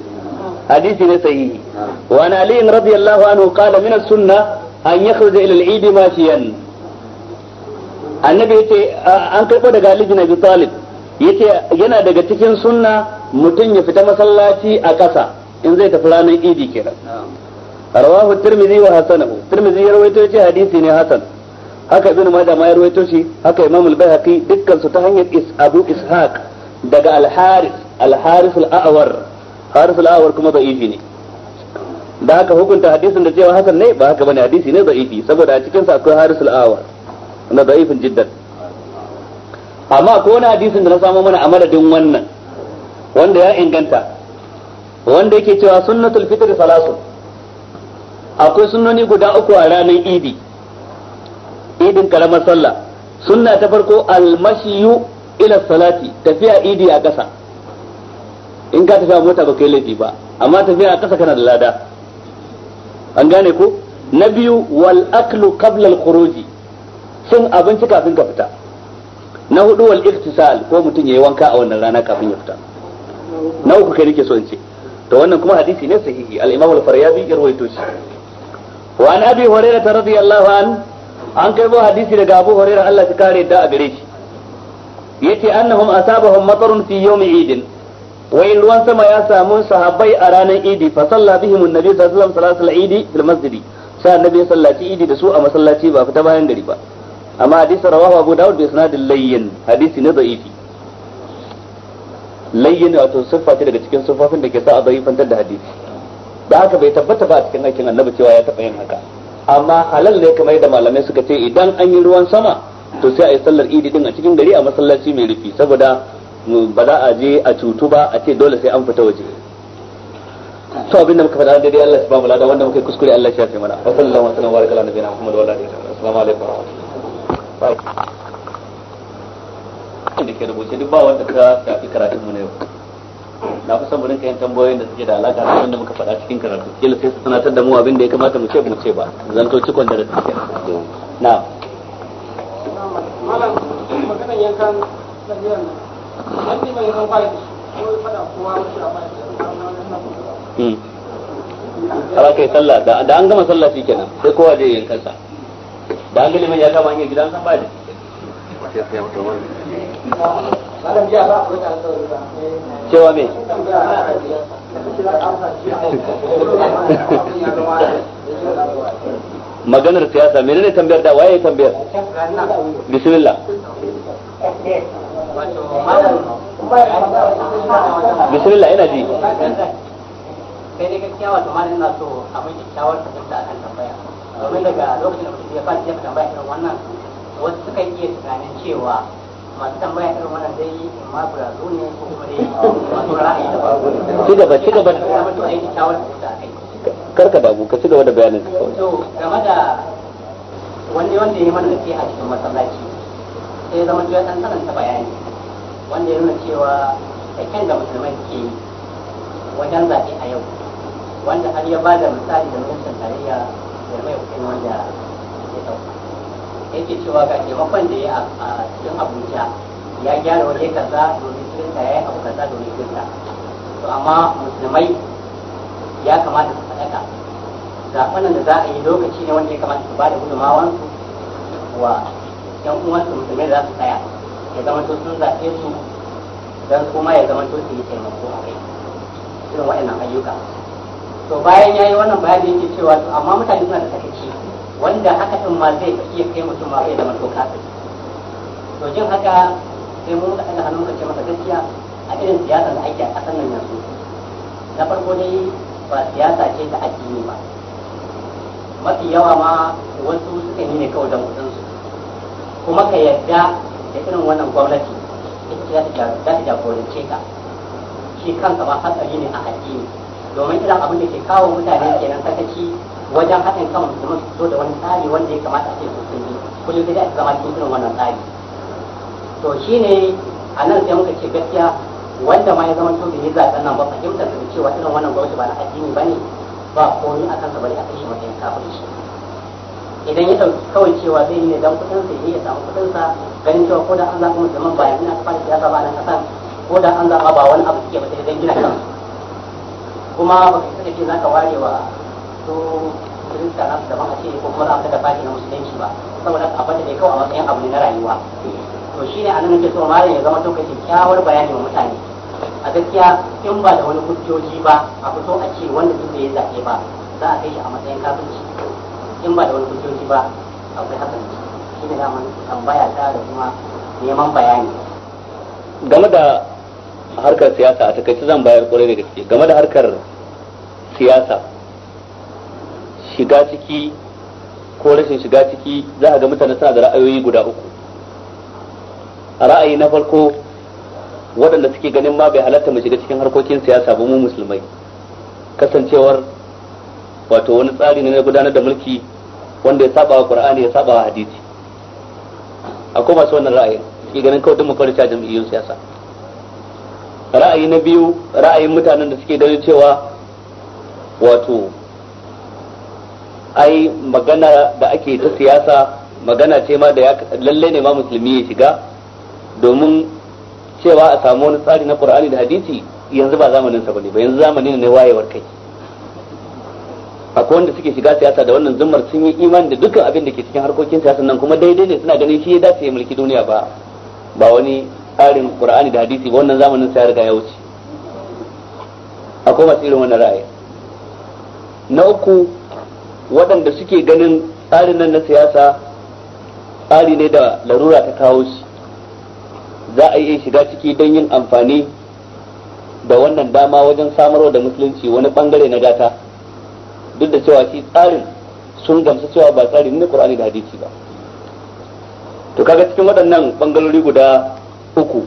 hadisi ne sahihi wa an ali radiyallahu anhu qala min as-sunnah an yakhruja ila al-eid mashiyan annabi ya ce an karbo daga ali bin abi talib yace yana daga cikin suna mutum ya fita masallaci a ƙasa in zai tafi ranar idi kenan rawahu tirmidhi wa hasanahu tirmidhi ya rawaito yace hadisi ne hasan haka ibn majah ma ya rawaito shi haka imam al-baihaqi dukkan su ta hanyar is abu ishaq daga al-haris al-haris al-a'war haris al-a'war kuma da'ifi ne da haka hukunta hadisin da cewa hasan ne ba haka bane hadisi ne da'ifi saboda a cikin sa akwai haris al-a'war na da'ifin jiddan amma akwai wani hadisin da na samu mana a madadin wannan wanda ya inganta wanda yake cewa sunnatul fitr salasu akwai sunnoni guda uku a ranar idi idin karamar sallah sunna ta farko almashiyu ila salati tafiya idi a ƙasa in ka tafiya mota ba kai laifi ba amma tafiya a ƙasa kana da lada an gane ko na biyu wal aklu qabla al khuruji cin abinci kafin ka fita na hudu wal iktisal ko mutum yayi wanka a wannan rana kafin ya fita na uku kai nake so in ce to wannan kuma hadisi ne sahihi al-imam al-faryabi ya rawaito shi wa an abi hurairah radiyallahu an an kai hadisi daga abu hurairah Allah ya kare da a gare shi yace annahum asabahum matarun fi yawmi idin wai ruwan sama ya samu sahabbai a ranar idi fa salla bihim annabi sallallahu alaihi wasallam salatul idi fil masjidi sai annabi ya sallaci idi da su a masallaci ba fita bayan gari ba amma hadisi rawahu abu daud bi isnadil layyin hadisi ne da'ifi layyana wato siffa ce daga cikin siffofin da ke sa a zaifantar da hadisi da haka bai tabbata ba a cikin aikin annabi cewa ya taɓa yin haka amma halal ne kamar yadda malamai suka ce idan an yi ruwan sama to sai a yi sallar idi din a cikin gari a masallaci mai rufi saboda ba za a je a cutu ba a ce dole sai an fita waje to abin da muka faɗa daidai Allah ya ba mu lada wanda muka yi kuskure Allah ya shafe mana wa sallallahu alaihi wa sallam wa barakallahu nabiyina Muhammad wa alihi wa sallam assalamu alaikum wa rahmatullahi da ke rubuce duk ba wanda ta shafi karatun mu na yau na kusan son mu yin tambayoyin da suke da alaka da wanda muka faɗa cikin karatu kila sai su sanatar da mu abin da ya kamata mu ce mu ce ba zanto cikon da suke na malam maganan yankan nan mai yankan ko fada kowa a bayan hmm. aka yi sallah da an gama sallah shi kenan sai kowa zai yankan sa da an gani mai gidan san cewa me maganar siyasa menene tambayar da waye tambayar bismillah bismillah ina ji sai dai gaskiya wato na so abin kyakkyawar akan tambaya domin daga lokacin da mutum ya fara tambaya irin wannan wasu iya tunanin cewa masu tambaya ne ko kuma masu ci gaba ci gaba karka babu ka ci gaba da bayanin ka kawai game da wanda wanda ya mana nake a cikin masallaci sai zama ya san sananta bayani wanda ya nuna cewa kyakkyan da musulmai ke wajen zaɓe a yau wanda har ya ba da misali da mutum tarayya da mai hukumar da ya ɗauka yake cewa ga taimakon da ya a cikin abuja ya gyara waje kaza domin kirista ya yi abu kaza domin kirista to amma musulmai ya kamata su faɗaka zaɓen da za a yi lokaci ne wanda ya kamata su ba da su wa yan uwansu musulmai za su tsaya ya zama to sun zaɓe su don kuma ya zama to su yi taimako a kai irin waɗannan ayyuka to bayan ya yi wannan bayani yake cewa amma mutane suna da sakaci wanda haka ɗin ma zai iya kai mutum ma ya zama to kafiri to jin haka sai mun da hannun ka ce masa gaskiya a irin siyasar da ake a ƙasar nan yanzu na farko dai ba siyasa ce ta addini ba mafi yawa ma wasu suka yi ne kawai da su, kuma ka yarda da irin wannan gwamnati ita ce za ta jagorance ka shi kanka ba hatsari ne a addini domin irin abin da ke kawo mutane kenan sakaci wajen haɗin kan musulman su fito da wani tsari wanda ya kamata a ce musulmi kullum sai da a zama cikin wannan tsari to shi ne a nan sai muka ce gaskiya wanda ma ya zama to da ya zaɓi nan ba fahimtar da cewa irin wannan gwamnati ba na addini ba ne ba komi a kansa bari a kashe matsayin kafin shi idan ya ɗauki kawai cewa zai yi ne dan kuɗin sa ya samu kuɗin sa ganin cewa ko da an zaɓi musulman ba yanzu na kafa siyasa ba nan kasan ko da an zaɓa ba wani abu suke ba sai dan gina kansu kuma ba ka isa da ke za ka ware wa su daban a ce ko kuma za a na da bai kawai a matsayin abu ne na rayuwa to shi ne a nan ya zama bayani wa mutane a gaskiya in ba wani hujjoji ba a fito a ce wanda duk zaɓe ba za a kai shi a matsayin kafinci in ba da wani hujjoji ba kai hakan shi ne daman tambaya ta da kuma neman bayani game da harkar siyasa a takaice zan bayar kwarai da gaske game da harkar siyasa shiga ciki ko rashin shiga ciki za a ga mutane suna da ra'ayoyi guda uku a ra'ayi na farko waɗanda suke ganin ma bai halatta mu shiga cikin harkokin siyasa ba mu musulmai kasancewar wato wani tsari ne na gudanar da mulki wanda ya saba wa qur'ani ya saba wa hadisi akwai masu wannan ra'ayi suke ganin kawai mu farta jam'iyyun siyasa ra'ayi na biyu ra'ayin mutanen da suke ganin cewa wato ai magana da ake ta siyasa magana ce ma da lalle ne ma musulmi ya shiga domin cewa a samu wani tsari na qur'ani da hadisi yanzu ba zamanin sa bane ba yanzu zamanin ne wayewar kai akwai wanda suke shiga siyasa da wannan zummar sun yi imani da dukkan abin da ke cikin harkokin siyasa nan kuma daidai ne suna ganin shi ya dace ya mulki duniya ba ba wani tsarin qur'ani da hadisi ba wannan zamanin sai ya riga ya wuce akwai masu irin wannan ra'ayi na uku waɗanda suke ganin tsarin nan na siyasa tsari ne da larura ta kawo shi za a iya shiga ciki don yin amfani da wannan dama wajen samarwa da musulunci wani bangare na gata duk da cewa shi tsarin sun gamsu cewa ba tsari ne qur'ani da hadisi ba to kaga cikin waɗannan bangarori guda uku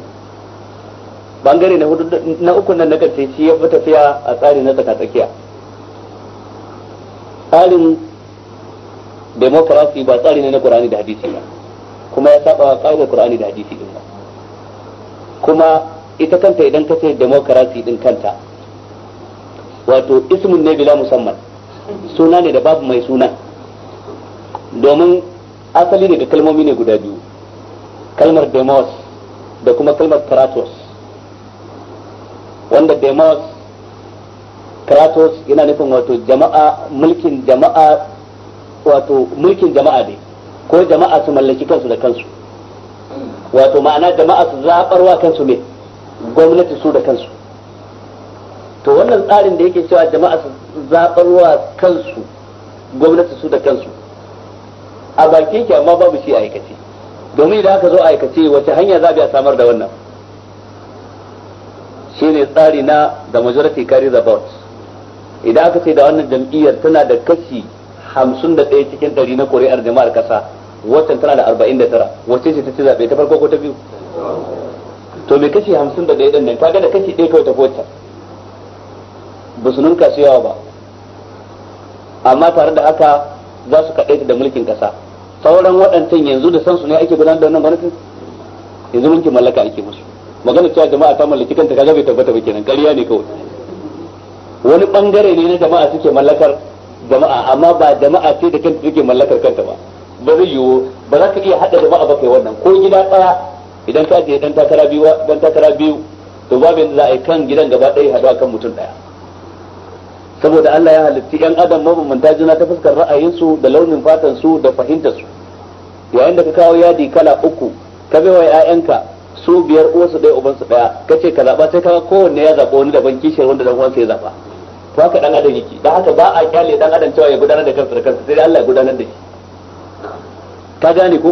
bangare na uku nan na karshe shi ya fi tafiya a tsari na tsaka tsakiya tsarin demokarasi ba tsari ne na qur'ani da hadisi ba kuma ya saba wa ƙa'idar qur'ani da hadisi din ba kuma ita kanta idan ka ce demokarasi ɗin kanta wato ismun ne bila musamman suna ne da babu mai suna domin asali ne da kalmomi ne guda biyu kalmar demos da kuma kalmar kratos wanda demos kratos yana nufin wato jama'a mulkin jama'a wato mulkin jama'a ne ko jama'a su mallaki kansu da kansu wato ma'ana jama'a su zabarwa kansu ne gwamnati su da kansu to wannan tsarin da yake cewa jama'a su zabarwa kansu gwamnati su da kansu a bakin ki amma babu shi aikace domin idan aka zo aikace wace hanya za a samar da wannan shine tsari na the majority carry the vote idan aka ce da wannan jam'iyyar tana da kashi hamsin da ɗaya cikin ɗari na kuri'ar jama'ar ƙasa waccan tana da arba'in da tara wacce ce ta ci zaɓe ta farko ko ta biyu to mai kashi hamsin da ɗaya ɗin nan kaga da kashi ɗaya kawai ta waccan ba su nunka su yawa ba amma tare da haka za su kaɗaita da mulkin ƙasa sauran waɗancan yanzu da sansu ne ake gudanar da wannan gwamnatin yanzu mulkin mallaka ake musu magana cewa jama'a ta mallaki kanta kaga bai tabbata ba kenan ƙarya ne kawai wani bangare ne na jama'a suke mallakar jama'a amma ba jama'a ce da kanta suke mallakar kanta ba ba zai yiwu ba za ka iya hada jama'a ba kai wannan ko gida ɗaya, idan ka je dan takara biyu dan takara biyu to babu yadda za a yi kan gidan gaba ɗaya haɗu kan mutum ɗaya saboda Allah ya halitti yan adam mabambanta juna ta fuskar ra'ayinsu da launin fatan su da fahimtar su yayin da ka kawo yadi kala uku ka bai wa 'ya'yanka su biyar uwarsu ɗaya su ɗaya ka ce ka zaɓa sai ka kowanne ya zaɓa wani daban kishiyar wanda dan uwansa ya zaɓa to haka dan adam yake dan haka ba a kyale dan adam cewa ya gudanar da kansa da kansa sai Allah ya gudanar da shi ka gane ko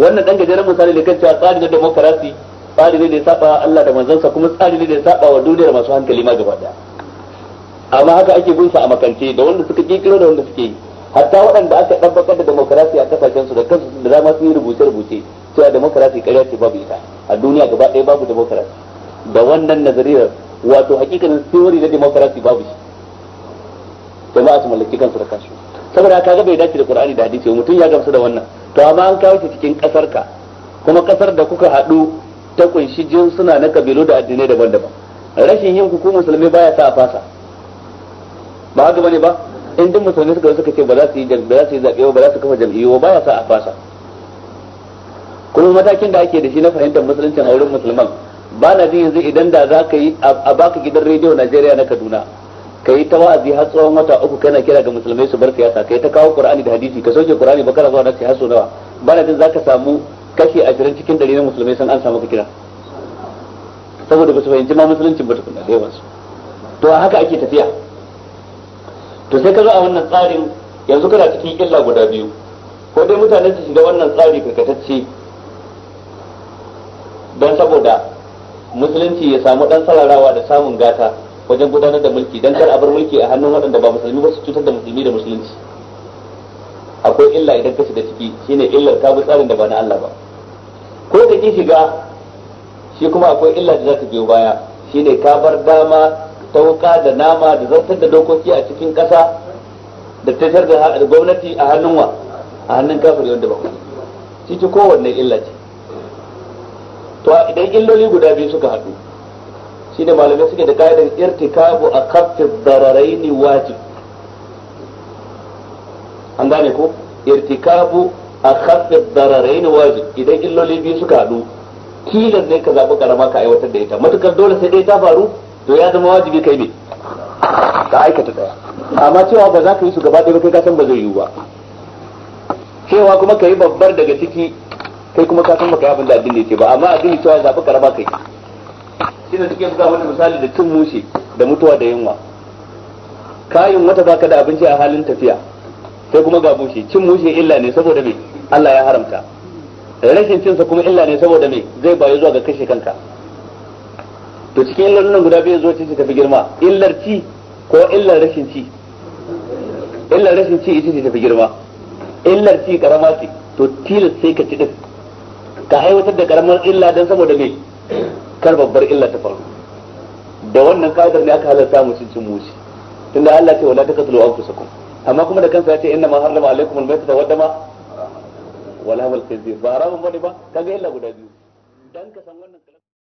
wannan dan gajeren misali da kan cewa tsari na demokarasi tsari ne da ya saba Allah da manzansa kuma tsari ne da ya saba wa duniyar masu hankali ma gaba daya amma haka ake bin sa a makance da wanda suka kikiro da wanda suke yi hatta waɗanda aka ɗabbakar da demokarasi a kasashen su da kansu da dama sun yi rubuce-rubuce cewa demokarasi ƙarya ce babu ita a duniya gaba ɗaya babu demokarasi da wannan nazariyar wato hakikanin theory na demokarasi babu shi mallaki kansu da kansu saboda kaga bai dace da Qur'ani da hadisi mutum ya gamsu da wannan to amma an kawo shi cikin kasar ka kuma kasar da kuka hadu ta kunshi jinsuna na kabilu da addinai daban-daban rashin yin ku musulmi baya sa a fasa ba haka bane ba in duk musulmi suka suka ce ba za su yi ba za su yi zabe ba za su kafa jam'iyyu ba baya sa a fasa kuma matakin da ake da shi na fahimtar musuluncin a wurin musulman ba na jin yanzu idan da za ka yi a baka gidan rediyo Najeriya na Kaduna kai ta wa'azi har tsawon wata uku kana kira ga musulmai su bar siyasa kai ta kawo qur'ani da hadisi ka soke qur'ani ba kana zuwa na siyasa haso nawa bana jin zaka samu kashi 20 cikin 100 na musulmai san an samu ka kira saboda ba su fahimci ma musuluncin ba tukunna da yawansu to a haka ake tafiya to sai ka zo a wannan tsarin yanzu kana cikin illa guda biyu ko dai mutane su shiga wannan tsari karkatacce don saboda musulunci ya samu dan sararawa da samun gata wajen gudanar da mulki dan kar a bar mulki a hannun waɗanda ba musulmi ba su cutar da musulmi da musulunci akwai illa idan ka shiga ciki shine illar ka bi tsarin da ba na Allah ba ko da ki shiga shi kuma akwai illa da za ta biyo baya shine ka bar dama tauka da nama da zartar da dokoki a cikin ƙasa da tashar da gwamnati a hannun wa a hannun kafiri wanda ba ciki kowanne illa ce to idan illoli guda biyu suka haɗu shine malamai suke da ka'idar irtikabu a kafin dararaini wajib an gane ko irtikabu a kafin dararaini wajib idan illoli biyu suka haɗu kilan ne ka zaɓi karama ka aiwatar da ita matukar dole sai ɗaya ta faru to ya zama wajibi kai ne ka aikata ɗaya amma cewa ba za ka yi su gaba ɗaya ba kai ka san ba zai yiwu ba cewa kuma ka yi babbar daga ciki kai kuma ka san ka yi abin da addini ce ba amma addini cewa zaɓi karama kai shi da suke buga wani misali da cin mushe da mutuwa da yunwa kayan wata baka da abinci a halin tafiya sai kuma ga mushe cin mushe illa ne saboda me Allah ya haramta rashin cinsa kuma illa ne saboda me zai bayo zuwa ga kashe kanka to cikin illar nan guda biyu zuwa ce tafi girma illar ci ko illar rashin ci illar rashin ci ita ce tafi girma illar ci karama ce to tilas sai ka ci din ka aiwatar da karamar illa dan saboda me kar babbar illa ta faru da wannan ka'idar ne aka halarta mu cin cin tunda Allah ce wala taqtulu anfusakum amma kuma da kansa ya ce inna ma harrama alaikum al-maytata wa dama wala wal khinzir ba haramun bane ba kaga illa guda biyu dan ka san wannan